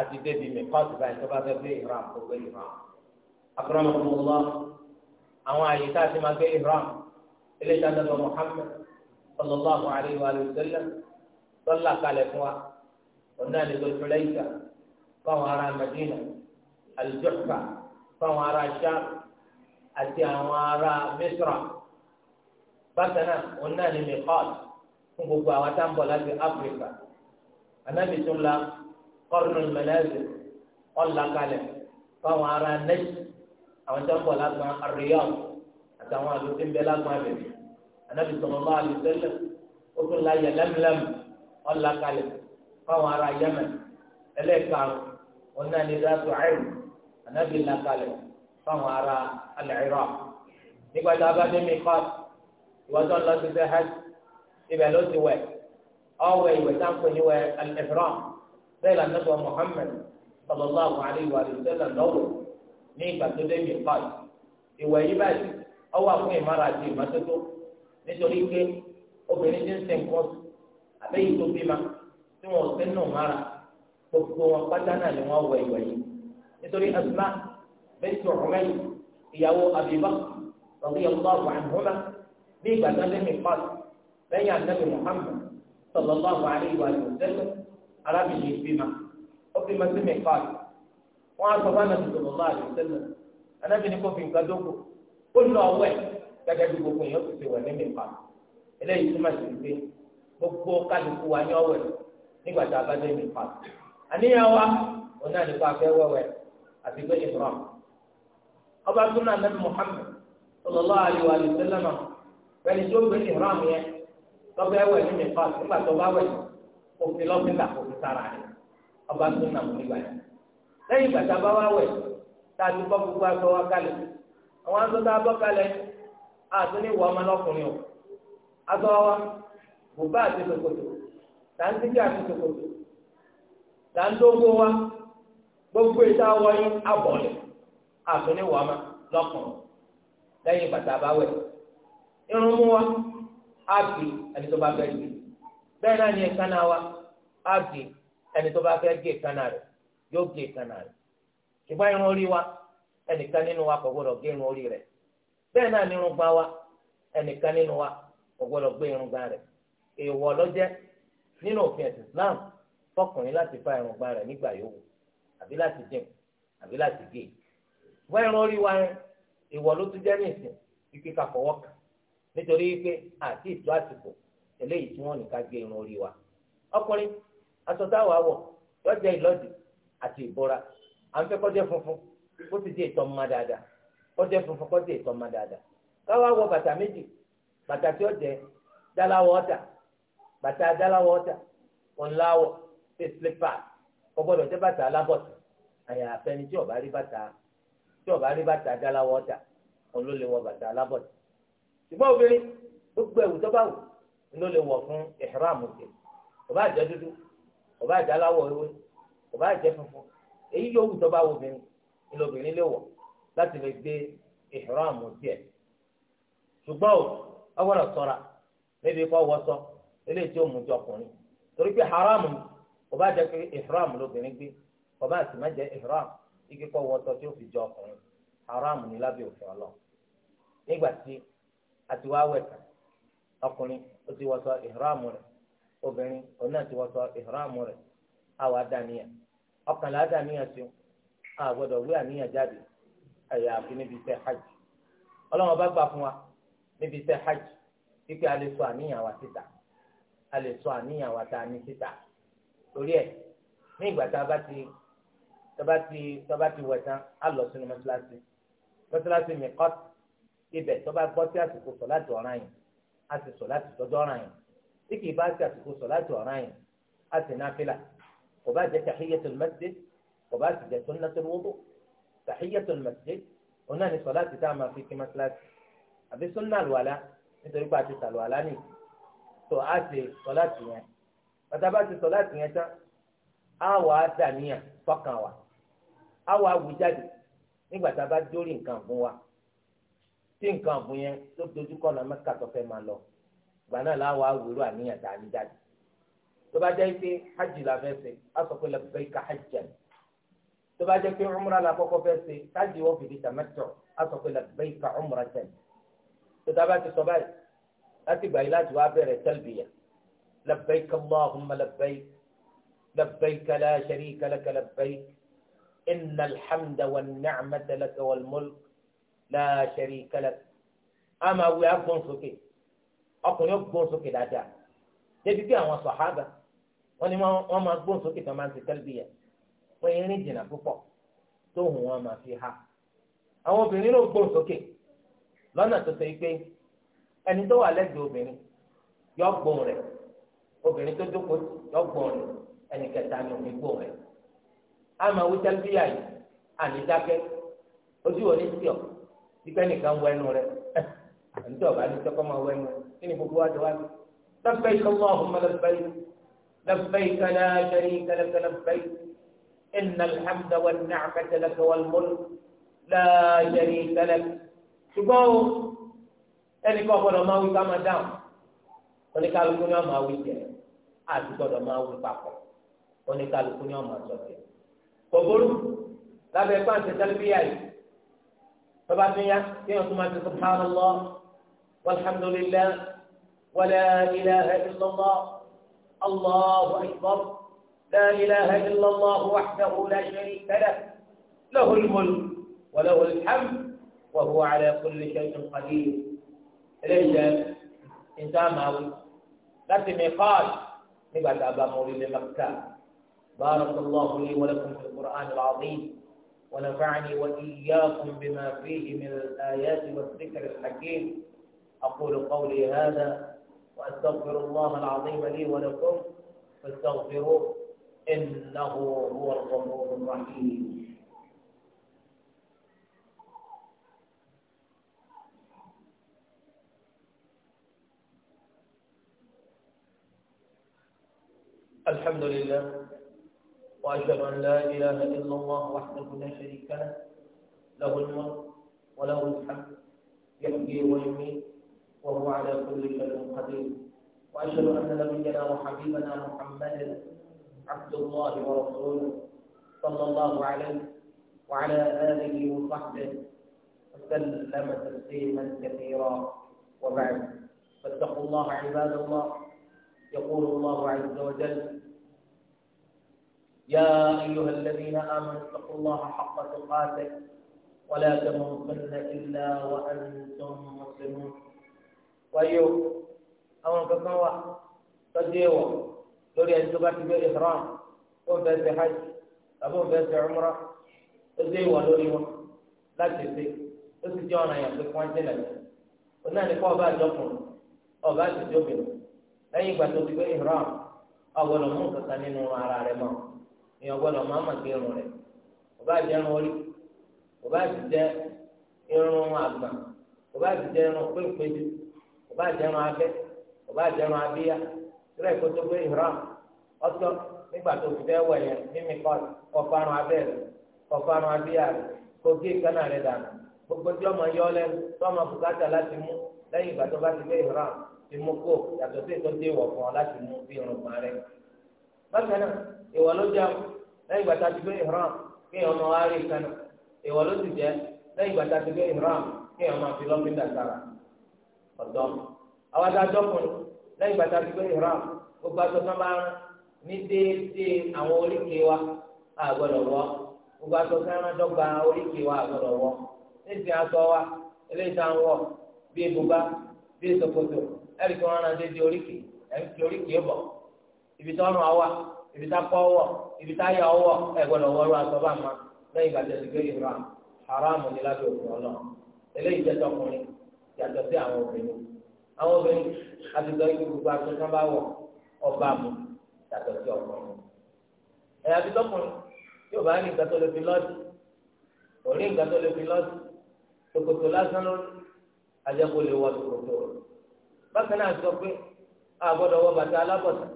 àti débi mi kọ́ ti báyìí tó bá fẹ́ gbé ìhram gbogbo ìhram akọ́nàmọ́kọ́ àwọn àyè tá a ti máa gbé ihram eléyìí tá a dàgbà Muhammad sallallahu alayhi wa sallam sọlá kalẹ̀ fún wa ọ̀nà àlejò ìfúlẹ́yìíta fáwọn ará Madina aljuhfa fáwọn ará Sham àti àwọn ará Misra bákan náà ọ̀nà àlejò miqat fún gbogbo àwọn tá láti Áfíríkà anábì tún la qarnul manazil ọ̀là kalẹ̀ fáwọn ará Najd àwọn tó ń bọ̀ lágbọn àríyàn àtàwọn àlùtí ń bẹ lágbọn abẹ̀mí anábì sallallahu alaihi wasallam ó tún la yẹ lẹ́mlẹ́m ọ̀là kalẹ̀ fáwọn ará yẹmẹn ẹlẹ́ẹ̀karùn wọn náà ní dáàtú ẹ̀rù anábì la kalẹ̀ fáwọn ará al-Iraq nígbà tá a bá dé miqat ìwọ́tọ́ lọ sí fẹ́ hajj ibẹ̀ ló ti wẹ̀ ọ̀wẹ̀ ìwẹ̀ táǹkù níwẹ̀ al-Ihram bẹ́ẹ̀ lànà bọ̀ Muhammad sallallahu ní ìgbà tó dé mìíràn báyìí ìwẹ̀ yìí báyìí ọwọ́ àfún ìmára àti ìmọ́tótó nítorí pé obìnrin ti ń sin nǹkan oṣù àbẹ́yìí tó bímọ tí wọn ò sí nù mára gbogbo wọn pátá náà ni wọn wẹ̀ ìwẹ̀ yìí nítorí asma bint Umayr ìyàwó Abi Bakr radiyallahu anhuma ní ìgbà tó dé mìíràn lẹ́yìn ànábì Muhammad sallallahu alayhi wa sallam arábìnrin bímọ ó bímọ wọn á sẹlẹ anabi ní fi nǹkan ó lọ bí gbogbo eléyìí pé gbogbo kálukú wa ní ọwẹ̀ nígbà tá a bá dé nínú ìpa àníyàn wa òun náà nípa afẹ́ wẹ̀wẹ̀ àti ọba tún náà Muhammad sọlọ lọ àlè sẹlẹ náà tó gbé yẹn nígbà tó bá lẹ́yìn ìgbà tá a bá wá wẹ̀ tá a ti kọ́ gbogbo aṣọ wa kalẹ̀ àwọn aṣọ tá a bọ́ kalẹ̀ àti ní ìwà o aṣọ wa bùbá àti ṣòkòtò tàǹtíkì àti ṣòkòtò tàǹtógbó wa gbogbo ìta wọ̀nyí abọ̀lẹ̀ àti ní ìwà ọmọlọ́kùnrin lẹ́yìn ìgbà tá a bá wẹ̀ irun mú wa ẹni tó bá fẹ́ bẹ́ẹ̀ wa ẹni tó bá fẹ́ yóò gé ìkànnà rẹ̀ ṣùgbọ́n irun orí wa ẹnìkan nínú wa kò gbọdọ̀ gé irun orí rẹ̀ bẹ́ẹ̀ náà ni irun wa ẹnìkan nínú wa kò gbọdọ̀ gbé irun gbá rẹ̀ èèwọ̀ lọ́jẹ́. nínú òfin ẹ̀sìn Islam fọkùnrin láti fa irun gbá rẹ̀ nígbà yòówù àbí láti dín àbí láti gé ṣùgbọ́n irun orí wa yẹn èèwọ̀ ló tún jẹ́ ní ìsìn kíkí ká fọwọ́ kàn nítorí pé àti ìtú àsìkò eléyìí tí wọ́n ní gé irun orí wa ọkùnrin aṣọ táwa wọ̀ lọ́jẹ́ ìlọ́dì àti ìbora à ń fẹ́ kó jẹ́ funfun kó sì jẹ́ ìtọ́ mọ́ dáadáa kó jẹ́ funfun kó jẹ́ ìtọ́ mọ́ dáadáa káwá wọ bàtà méjì bàtà tí ó jẹ́ dáláwọ̀ ọ̀tà bàtà dáláwọ̀ ọ̀tà ọ̀nláwọ̀ ṣe sílípà kò gbọ́dọ̀ jẹ́ bàtà alábọ̀tà àyàfẹ́ ni tí ó bá rí bàtà tí ó bá rí bàtà dáláwọ̀ ọ̀tà òun ló lè wọ bàtà alábọ̀tà ṣùgbọ́n obìnrin gbogbo ẹ̀wù tó bá wù ló lè wọ̀ fún ìhram òkè ó bá dúdú ó bá aláwọ̀ ewé kò bá jẹ́ funfun èyí yóò wù tó bá wo obìnrin ni obìnrin lè wọ̀ láti lè gbé ìhìrọ́ọ̀mù tiẹ̀ ṣùgbọ́n o ọgbọ́dọ̀ ṣọ́ra níbi kọ́ wọ́sọ eléyìí tí ó mú jọ ọkùnrin torí pé haramu kò bá jẹ́ pé ìhìrọ́ọ̀mù lóbìnrin gbé kò bá sì má jẹ́ ìhìrọ́ọ̀mù igi kọ́ wọ́sọ tí ó fi jọ ọkùnrin haramu ni lábẹ́ òfin ọlọ́ nígbà tí a ti wá wẹ̀ tán ọkùnrin ó ti wọ́sọ ìhìrọ́ọ̀mù rẹ̀ obìnrin òun náà ti wọ́sọ ìhìrọ́ọ̀mù rẹ̀ àwa dàníyàn ọkànlá dàníyàn sí a gbọ́dọ̀ wí àníyàn jáde ẹ̀yà àfi níbi iṣẹ́ hajj ọlọ́run bá gbà fún wa níbi iṣẹ́ hajj wípé a lè sọ àníyàn wa síta a lè sọ àníyàn wa tá a ní síta torí ẹ̀ ní ìgbà tá a bá ti tá a bá ti tá a bá ti wẹ̀ tán á lọ sínú mọ́ṣáláṣí mọ́ṣáláṣí mi kọ́ ibẹ̀ tó bá gbọ́ sí àsìkò sọ láti ọ̀ràn yìí a sì sọ láti tọ́jú ọ̀ràn yìí tí kì í bá sí àsìkò sọ láti ọ̀ràn yìí a sì náfìlà kò bá jẹ́ tahiyatul masjid kò bá sì jẹ́ sunnatul wudu tahiyatul masjid òun náà ni sọlá ti dá máa fi kí mọ́sálásí àbí sunna àlùwàlá nítorí pé a ti sàlùwàlá nì tó a ti sọlá ti yẹn bàtà bá ti sọlá ti yẹn tán á wà á dà níyà fọkàn wa á wà á wù jáde nígbà tá a bá dórí nǹkan fún wa tí nǹkan ọ̀gbìn yẹn ló dojú kọ́ la mẹ́ka tó fẹ́ máa lọ gbà náà láwọ̀ awúrò àníyàn tá a ní jáde tó bá jẹ́ pé hajj la fẹ́ ṣe á sọ pé ka labbaika hajjan tó bá jẹ́ pé umra la kọ́kọ́ fẹ́ ṣe hajj wọ́n fi fìdí tamattu á sọ pé labbaika umratan tó tá a bá ti sọ báyìí láti gbà yìí láti wá bẹ̀rẹ̀ talbiya labbaika allahumma labbaik labbaika la sharika laka labbaik innal hamda wan ni'mata laka wal mulk la ka laka ama wi agbọn sókè ọkùnrin ọgbọn sókè dáadáa débi bí àwọn sàhábà wọ́n ní wọ́n máa gbóhùn sókè kan máa ń ti tẹ́lbíyà wọ́n yẹn rìn jìnnà púpọ̀ tóhùn wọn máa fi ha àwọn obìnrin ló gbóhùn sókè lọ́nà tó ṣe pé ẹni tó wà lẹ́gbẹ̀ẹ́ obìnrin yọ gbóhùn rẹ̀ obìnrin tó jókòó yọ gbóhùn rẹ̀ ẹni kẹta ni òfin gbóhùn rẹ̀ a máa wí tẹ́lbíyà yìí àní dákẹ́ ojú wo ní tíọ̀ ìpẹ́ nìkan wọ ẹnu rẹ̀ àti tí ọ̀bá ní tẹ́kọ́ máa wọ ẹnu rẹ̀ kí ni gbogbo wa لبيك لا شريك لك لبيك إن الحمد والنعمة لك والملك لا شريك لك شبو أنا كفر ما هو كما دام أنا قال كنا ما هو كي أنا كفر ما هو كفر أنا قال كنا ما هو كي لا بيكون تسلبي أي فبعدين يا كيف ما سبحان الله والحمد لله ولا إله إلا الله الله أكبر لا إله إلا الله وحده لا شريك له له الملك وله الحمد وهو على كل شيء قدير ليس إنسان ماوي لكن ميقات نبعد أبا مولي مكة بارك الله لي ولكم في القرآن العظيم ونفعني وإياكم بما فيه من الآيات والذكر الحكيم أقول قولي هذا وأستغفر الله العظيم لي ولكم فاستغفروه إنه هو الغفور الرحيم الحمد لله وأشهد أن لا إله إلا الله وحده لا شريك له له الملك وله الحمد يحيي ويميت وهو على كل شيء قدير وأشهد أن نبينا وحبيبنا محمدا عبد الله ورسوله صلى الله عليه وعلى آله وصحبه وسلم تسليما كثيرا وبعد فاتقوا الله عباد الله يقول الله عز وجل يا أيها الذين آمنوا اتقوا الله حق تقاته ولا تموتن إلا وأنتم مسلمون wáyé o àwọn nǹkan kan tọ́jú ẹ̀wọ̀ lórí ẹni tó bá ti gbé ihram ó ń fẹ́ ṣe hajj tàbí ó ń ṣe umra ó ṣe ìwà lórí wọn láti ṣe ó sì jẹ́ ọ̀nà ìyàtọ̀ fún ẹjẹ́ lẹ́yìn ó náà ní kó ọba àjọkùnrin ọba lẹ́yìn ìgbà tó ti gbé mú kankan nínú ara rẹ̀ mọ́ èèyàn gbọ́dọ̀ máa mà gbé irun ọba àjẹrun orí ọba irun àgbà ọba irun ọba àjẹrun abẹ ọba àjẹrun abíyá rẹ kó tó gbé ìhram ọtọ nígbà tó fi fẹ́ wẹ̀ yẹn mímí kọfarun abẹ rẹ kọfarun abíyá rẹ kó gé ìkánná rẹ dànù gbogbo tí ọmọ yọ lẹ́nu tí ọmọ bùkátà láti mú lẹ́yìn ìgbà tó bá ti gbé ìhram ti mú kó yàtọ̀ sí ètò dé ìwọ̀ fún ọ láti mú bí irun kan rẹ bákan náà ìwọ ló jẹ lẹ́yìn ìgbà tá a ti gbé ìhram kí ọmọ wa rí ìkánná ìwọ ló ti jẹ lẹ́yìn ìgbà tá a ti gbé ìhram kí ọmọ fi lọ́ọ́ ọ̀dọ́ àwọn adájọ́ kùn lẹ́yìn gbàtà gbígbé ìram gbogbo aṣọ tó máa ní déédéé àwọn oríkèé wa àgbọ̀dọ̀ wọ̀ gbogbo aṣọ tó máa dọ́gba oríkèé wa àgbọ̀dọ̀ wọ̀ níbi aṣọ wa eléyìí wọ̀ ẹ̀rí kí wọ́n rán déédéé oríkèé ẹ̀ ń fi oríkèé bọ̀ ibi tó àwa ibi tá kọ́ wọ̀ ibi tá yà ọwọ́ yàtọ̀ sí àwọn obìnrin àwọn obìnrin àtìgbà yìí gbogbo aṣọ kan bá wọ ọba mu yàtọ̀ sí ọkùnrin ẹ̀yà bí tọkùnrin yóò bá ní ìgbàtọ̀ lè fi lọ́ọ̀dì òní ìgbàtọ̀ lè fi lọ́ọ̀dì tòkòtò lásán lórí ajẹ́kọ̀ọ́ lè wọ tòkòtò rẹ̀ bákan náà sọ pé a gbọ́dọ̀ wọ bàtà alábọ̀tà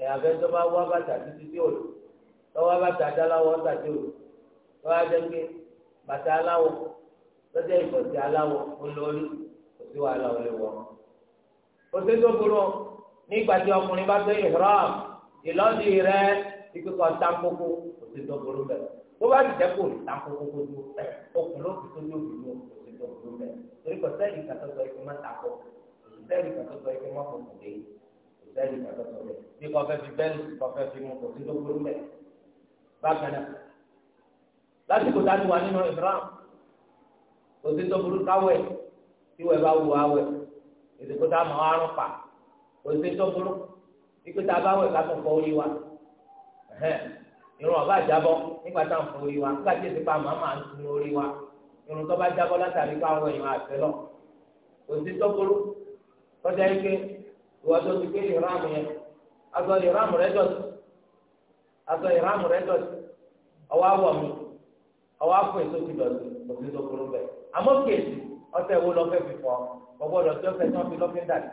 ẹ̀yà bẹ́ẹ̀ tó bá wọ bàtà títí tí ò lò lọ́wọ́ bàtà adáláwọ̀ ọ̀tà tí ò lò lọ́wọ́ ajẹ́ pé bàtà aláwọ̀ lọ́jọ́ ìbọ̀tì aláwọ̀ olórí sí wàhálà olè wọ. oṣù tó burú nígbà tí ọkùnrin bá gbé ìhrọ́m ìlọ́dì rẹ ikú kan táǹkókó oṣù tó burú bẹ̀rẹ̀ tó bá jẹ́ kó táǹkókó kó tó okùn ló fi tójú òbí ló oṣù tó burú bẹ̀rẹ̀ torí kò sẹ́yìn kàtó sọ ikú má tàkó oṣù sẹ́yìn kàtó sọ ikú má kò kùdé oṣù sẹ́yìn kàtó sọ bẹ́ẹ̀ bí kò fẹ́ fi bẹ́ẹ̀lì kò fẹ́ fi mú oṣù tó burú bẹ̀rẹ̀ bákan náà lásìkò tá a ti wà nínú ìhrọ́m oṣù tó burú káwẹ̀ tí wọ́n bá wù awẹ́ èdèkó tá a mọ̀ arún pa òṣèlú ikú tá a bá wẹ̀ ká tó fọ orí wa irun ọba àjábọ̀ nígbà tá à ń fọ orí wa nígbà tí èsì pa ń orí wa irun tó bá jábọ̀ látàrí pé àwọn èèyàn àfẹ́ lọ òṣèlú kọjá ike tó ti yẹn rẹ ọṣẹ wo lọfẹ fi fọ ọgbọdọ tí ọṣẹ tí wọn fi lọfẹ dàbí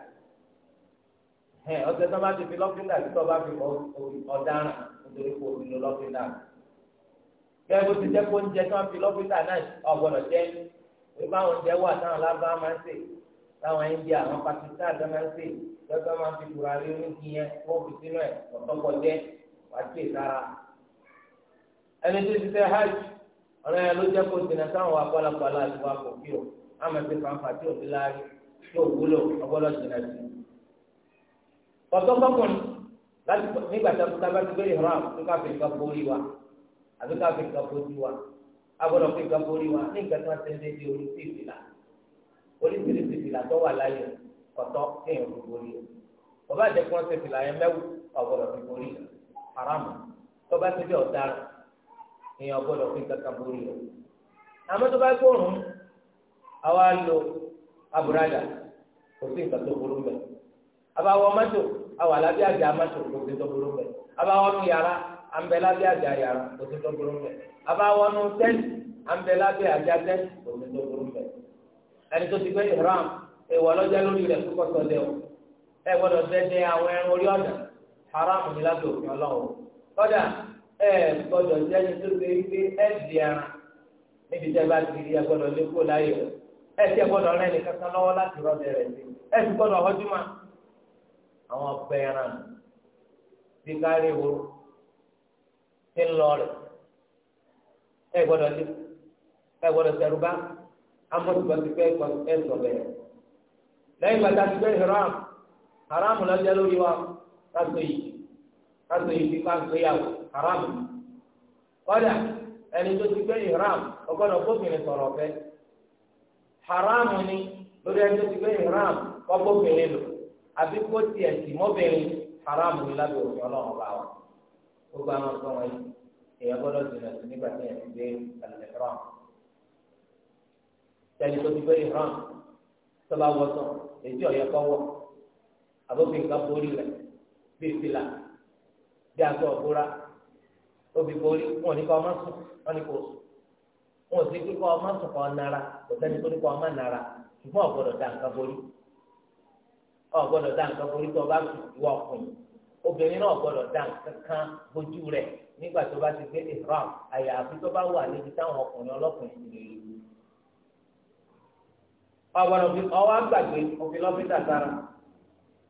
ẹ ọṣẹ tí wọn bá ti fi lọfẹ dàbí tí wọn bá fi fọ ọ̀daràn nítorí kò ní lọ lọfẹ dàbí gẹ́gẹ́ bó ti jẹ́ kó oúnjẹ tí wọ́n fi lọfẹ dà náà ọgbọdọ jẹ ìgbà oúnjẹ wà táwọn lábá máa ń sè táwọn India àwọn Pakistan àti máa ń sè lọ́sọ̀ máa ń fi tùràrí oníkì yẹn wọ́n fi sínú ẹ̀ ọ̀tọ́kọ jẹ́ wàá tì sára ẹni tó ti fẹ́ hajj ọ̀nà ló jẹ́ kó jìnnà táwọn wà pálapàla àti wà kò o. Ama ti fanfa tí òbí láàrí tí ò wúlò ọgbọ́dọ̀ jìnnà sí. kọ́tọ́kọ́kùnrin láti nígbà tí a bá ti gbé ìhọ́ràn tó ká fi nǹkan borí wa àbí ká fi nǹkan borí wa agbọ́dọ̀ fi nǹkan borí wa ní nǹkan tí wọ́n ti ń dé di orí sí ìfìlà orí sí ìfìlà tó wà láyé kọ́tọ́ kéèyàn fi borí o bàbá àjẹkù wọn ti fìlà yẹn mẹ́wù ọ̀gbọ́dọ̀ fi borí haram tó bá ti bí ọ̀daràn èèyàn ọ̀gbọ́dọ̀ fi kankan borí o àmọ́ tó bá gbóòórùn àwa lo aburada kò sí nǹkan tó burú mbẹ àbáwọ mọ́tò àwọn alábí àjà mọ́tò kò sí tó burú mbẹ àbáwọ nu yàrá àmbẹ lábí àjà yàrá kò sí tó burú mbẹ àbáwọ nu tẹ́ǹtì àmbẹ lábí àjà tẹ́ǹtì kò sí tó burú mbẹ ẹni tó ti gbé ìhram ìwọ lọjọ lórí rẹ kókó sọdẹ o ẹ gbọ́dọ̀ dẹdẹ àwọn ẹran orí ọdà haram ní lábẹ́ òfin Ọlọ́run kódà ẹ gbọ́dọ̀ jẹ ẹni tó ṣe é gbé ẹ di ẹran níbi tẹ bá ti rí ẹ lé kó láyè rẹ. ẹ ti gbọ́dọ̀ rẹ nìkan kan lọ́wọ́ láti rọbẹ rẹ sí ẹ ti gbọ́dọ̀ àwọn ọbẹ ẹran bí kárí ti lọ rẹ ẹ gbọ́dọ̀ lé haram haram lọjọ lórí wa kásò yìí kásò yìí ti gbéyàwó haram ẹni tó ti fẹ ọgbọdọ Haram ni lórí ẹjọ́ ti gbé ìram kọ́gbóbìnrin lò àbí kó tiẹ̀ tì mọ́bìnrin haramu ni lábẹ́ òfin ọlọ́run bá wa gbogbo àwọn ọ̀sán wọn yìí èèyàn gbọ́dọ̀ dènà sí nígbà tí èèyàn ti gbé àlẹ́ ìram tẹni tó ti gbé ìram tó bá wọ sàn èjì ọ̀yẹ́ kọ́ wọ̀ àbófin nǹkan borí rẹ̀ bíi fìlà bíi aṣọ ọ̀búra ó fi borí wọn ní kọ́ ọmọ sùn wọn ní kò sùn. wọn ò sí pé ọmọ sùn nara kò sẹ́ni tó ní nara ṣùgbọ́n ọ̀gbọ́dọ̀ da nǹkan borí ọ̀gbọ́dọ̀ da nǹkan borí tó o bá wọ ọkùnrin obìnrin náà nǹkan kan bójú rẹ̀ nígbà tó bá ti gbé ìhram àyàfi tó bá wà níbi táwọn ọkùnrin ọlọ́kùnrin ti lè rí ọ̀gbọ́dọ̀ fi ọwọ́ òfin lọ́fíìsà sára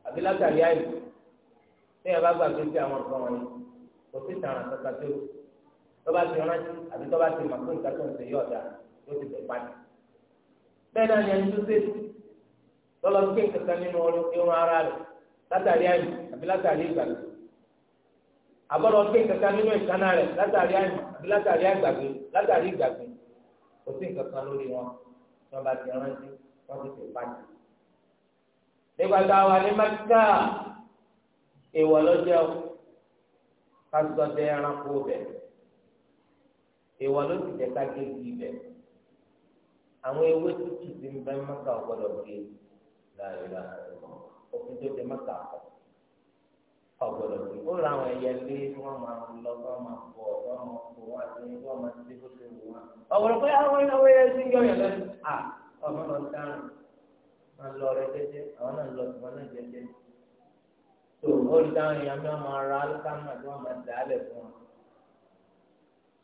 àbí látàrí àyè tí ẹ bá gbàgbé sí àwọn tọ́ba ti rántí àbí tọ́ba ti mọ̀ pé nǹkan tó ń ṣe yọ̀ ọ̀dà yóò ti bẹ̀ pàdé. bẹ́ẹ̀ náà ni ẹni tó ṣe lọ́lọ́ gbé kankan nínú irun ara rẹ̀ látàrí àyè àbí látàrí ìgbàgbé. àbọ̀lọ́ gbé kankan nínú ìkànnà rẹ̀ látàrí àyè àbí látàrí ìgbàgbé látàrí ìgbàgbé. kò sí nǹkan lórí wọn tọ́ba ti rántí wọ́n ti bẹ̀ pàdé. nígbà tá a wà lọ́jọ́ èèwọ̀ ló ti jẹ́ kágéjì ibẹ̀ àwọn ewé tútù ti ń bẹ mọ́kà ọ̀gbọ́dọ̀ gé láàrúdà òfin tó dé mọ́kà ọ̀gbọ́dọ̀ gé ó ra àwọn ẹyẹ lé wọ́n máa lọ wọ́n máa bọ̀ wọ́n máa fò wọ́n àti wọ́n máa ti bó ṣe wù wọ́n. ọ̀gbọ́dọ̀ pé àwọn ìnáwó yẹn ti ń yọ yẹn lẹ́nu à ọmọ lọ dáhùn máa lọ rẹ jẹjẹ àwọn náà lọ sí wọn náà jẹjẹ tó olùdáhùn yẹn mi wọn máa ra alùpàmù àti wọn máa dà á lẹ̀ fún wọn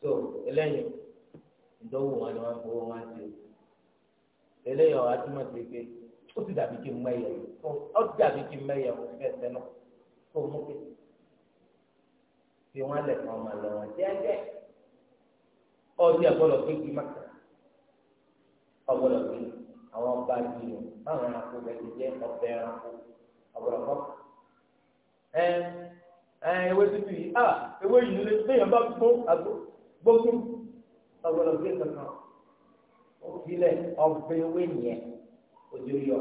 so eléyìí ìdánwò wọn ni wọn fowó wọn ti eléyìí ọ̀rọ̀ atúmọ̀ sí pé ó ti dàbí kí n mẹ́yẹ ó ti dàbí kí n mẹ́yẹ ó ti fẹ́ sẹ́nu kó mú kí fi wọn lẹ̀ kàn máa lọ wọn jẹ́jẹ́ ọdí ọgbọ́dọ̀ pé kí má kà ọgbọ́dọ̀ pé àwọn ọba yìí báwọn ẹranko bẹ́ẹ̀ jẹ́ ọbẹ̀ ẹranko ọgbọ́dọ̀ kọ́ ẹ ẹ ewé tútù yìí ah ewé yìí ló lè gbé yàn bá gbó àgbo gbógun ọgbọdọ gbé kankan òfilẹ ọbẹ ewé nìyẹn ojú yọ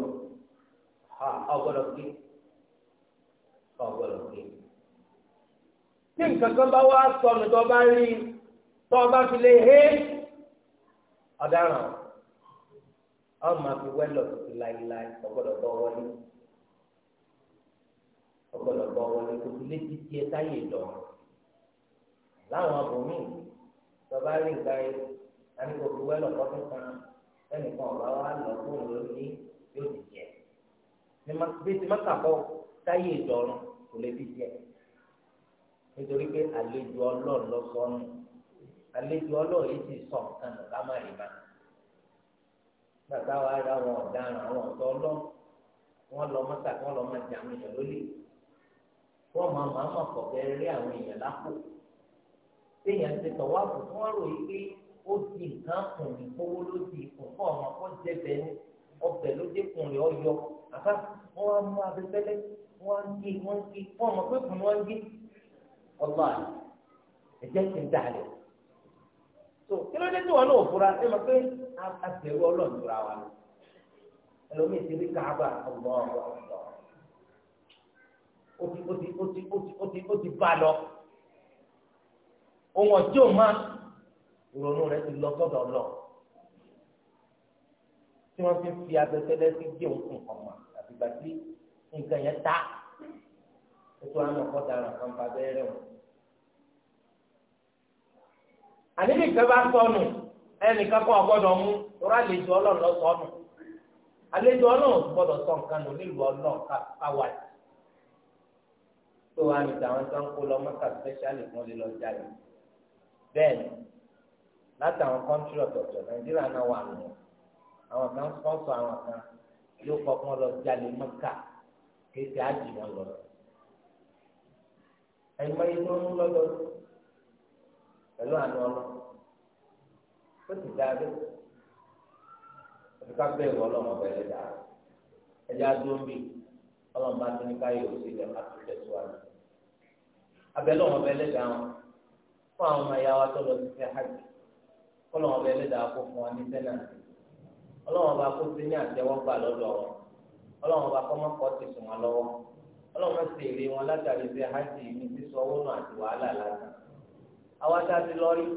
ọgbọdọ gbé ọgbọdọ gbé. tí nǹkan kan bá wá sọnù tó bá rí tó bá fi lè hé ọ̀daràn ọmọ àfi wẹ́lọ̀ tuntun láéláé ọgbọdọ bọ́ wọlé ọgbọdọ bọ́ wọlé tuntun létí tiẹ̀ táyé lọ láwọn abòmíì tọba rí nǹkan yìí àti gbogbo wẹ́lọ̀ kọ́tún kan ẹnìkan ọ̀bá wa lọ fún òun ní yóò ti jẹ bí ti máa kàkọ́ táyé ìdọ̀rùn kò lè fi jẹ nítorí pé àlejò ọlọ́ọ̀ lọ sọnù àlejò ọlọ́ọ̀ yìí ti sọ nǹkan nù ká má rí ma bàbá wa ra àwọn ọ̀daràn àwọn ọ̀tọ́ ọlọ́ wọn lọ mọ́tà wọn lọ máa jẹ àwọn èèyàn lólè wọn máa máa mọ̀ kọ̀ọ̀kẹ́ rí àwọn èèyàn lápò téèyàn ti tọ̀ wá fún wọn rò yìí pé ó di nǹkan kùn ní owó ló di kùn fún ọmọ kó jẹ bẹ ní ọbẹ̀ ló dé kùn rẹ ọyọ àbá wọn wá mú abẹfẹlẹ wọn ń gé wọn ń gé fún ọmọ pé kùn ni wọn ń gé ọlọ àlè ẹ̀jẹ̀ ti ń dà lẹ tó kí ló dé tí wọn náà fura ẹ mọ̀ pé abẹ̀rù ọlọ́ọ̀dúnra wa ni ẹlòmíì ti rí káàbà ọgbọ́n ọgbọ́n ọgbọ́n ó ti ó ti ó ti ó ti ó ti bá lọ ohun ọjọ́ máa ìrònú rẹ̀ ti lọ sọ́dọ̀ lọ tí wọ́n fi ń fi abẹ́tẹ́lẹ́ sí gé òkun ọ̀mà àtìgbà tí nǹkan yẹn ta ètò àmọ̀ kọ́ dara kan bá bẹ́ẹ̀rẹ̀ wọn. àníbi ìfẹ́ bá sọnù ẹnìkan kọ́ ọgbọ́dọ̀ mú rọ́ àlejò ọlọ́run lọ sọnù àlejò ọlọ́run gbọ́dọ̀ sọ nǹkan nù nílùú ọlọ́run káwá tó wàá nìta àwọn tó ń kó lọ mọ́tà spẹ́ṣálì fún lílọ bẹ́ẹ̀ ni látàwọn kọ́ńtírì ọ̀tọ̀ọ̀tọ̀ nàìjíríà náà wà nù àwọn kan sponsor àwọn kan yóò kọ́kọ́ lọ jalè mọ́kà kéde àjì wọn lọ. ẹ̀yin máa yẹ kó ń lọ́dọ̀ pẹ̀lú àná ọlọ́ ó sì dáa bẹ́ẹ̀ bẹ́ẹ̀ wọ ọlọ́mọ bẹ̀rẹ̀ dáa ẹ̀jẹ̀ adóńbì ọlọ́mọ bá ti ní káyọ̀ òsì tẹ̀síwájú ọmọ wọn. fún àwọn ọmọ ìyá wa tó lọ sí hajj ọba ẹlẹ́dàá kó fún wa ní sẹ́nà ọba kó sí ní àtẹ́wọ́gbà lọ́dọ̀ ọ ọba kọ́ mọ́kọ́ ti sùn wọn lọ́wọ́ sì rí wọn látàrí ṣe hajj ní sísọ owó náà àti wàhálà lásán a ti dákun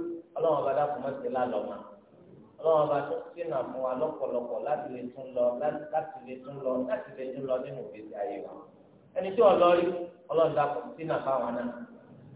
mọ́ sí sínú àfún wa lọ́pọ̀lọpọ̀ láti lè tún lọ láti lè tún lọ láti lè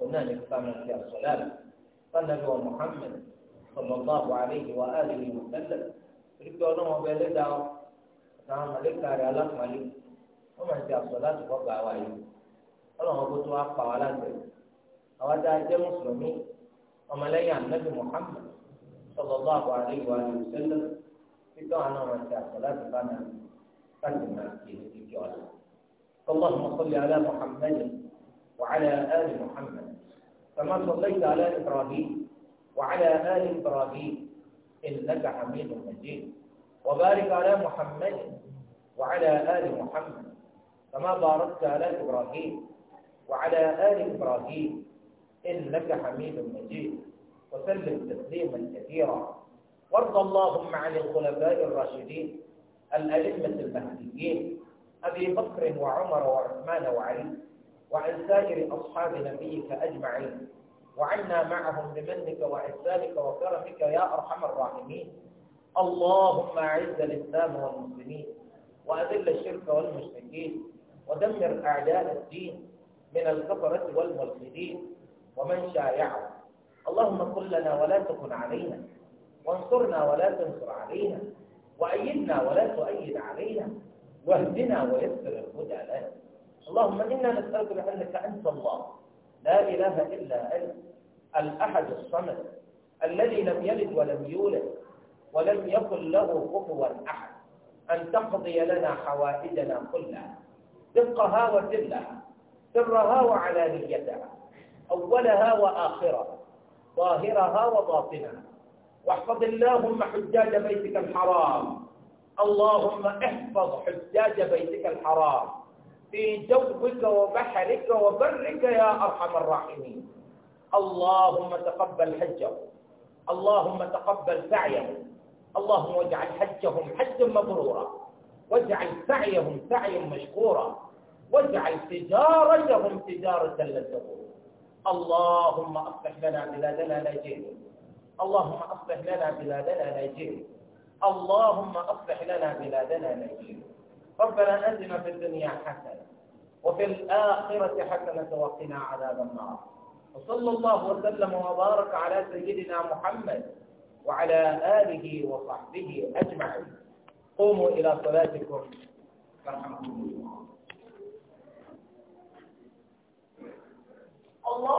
هنالك كما في الصلاة فالنبي محمد صلى الله عليه وآله وسلم يقول لهم بلدا نعم لك على مالك وما في الصلاة فقع وعيه ọlọ́run bó tó wá pa wá láti rẹ̀ àwa tá a jẹ́ mùsùlùmí ọmọlẹ́yìn anabi muhammed sallallahu alaihi wa sallam títọ́ àná wọn ti àpò láti bá náà láti máa kí ní kíkí ọ̀la. اللهم صل على محمد وعلى آل محمد كما صليت على إبراهيم وعلى آل إبراهيم إنك حميد مجيد وبارك على محمد وعلى آل محمد كما باركت على إبراهيم وعلى آل إبراهيم إنك حميد مجيد وسلم تسليما كثيرا وارض اللهم عن الخلفاء الراشدين الأئمة المهديين أبي بكر وعمر وعثمان وعلي وعن سائر أصحاب نبيك أجمعين وعنا معهم بمنك وإحسانك وكرمك يا أرحم الراحمين اللهم أعز الإسلام والمسلمين وأذل الشرك والمشركين ودمر أعداء الدين من الكفرة والملحدين ومن شايعهم اللهم كن لنا ولا تكن علينا وانصرنا ولا تنصر علينا وأيدنا ولا تؤيد علينا واهدنا ويسر الهدى لنا اللهم إنا نسألك بأنك أنت الله لا إله إلا أنت الأحد الصمد الذي لم يلد ولم يولد ولم يكن له كفوا أحد أن تقضي لنا حوائجنا كلها دقها وسرها سرها وعلانيتها أولها وآخرها ظاهرها وباطنها واحفظ اللهم حجاج بيتك الحرام اللهم احفظ حجاج بيتك الحرام في جوفك وبحرك وبرك يا أرحم الراحمين اللهم تقبل حجه اللهم تقبل سعيه اللهم اجعل حجهم حجا مبرورا واجعل سعيهم سعيا مشكورا واجعل تجارتهم تجارة لن اللهم أصلح لنا بلادنا ناجين اللهم أصلح لنا بلادنا ناجين اللهم أصلح لنا بلادنا ناجين ربنا أتنا في الدنيا حسنة وفي الآخرة حسنة وقنا عذاب النار وصلى الله وسلم وبارك على سيدنا محمد وعلى آله وصحبه أجمعين قوموا إلى صلاتكم رحمكم الله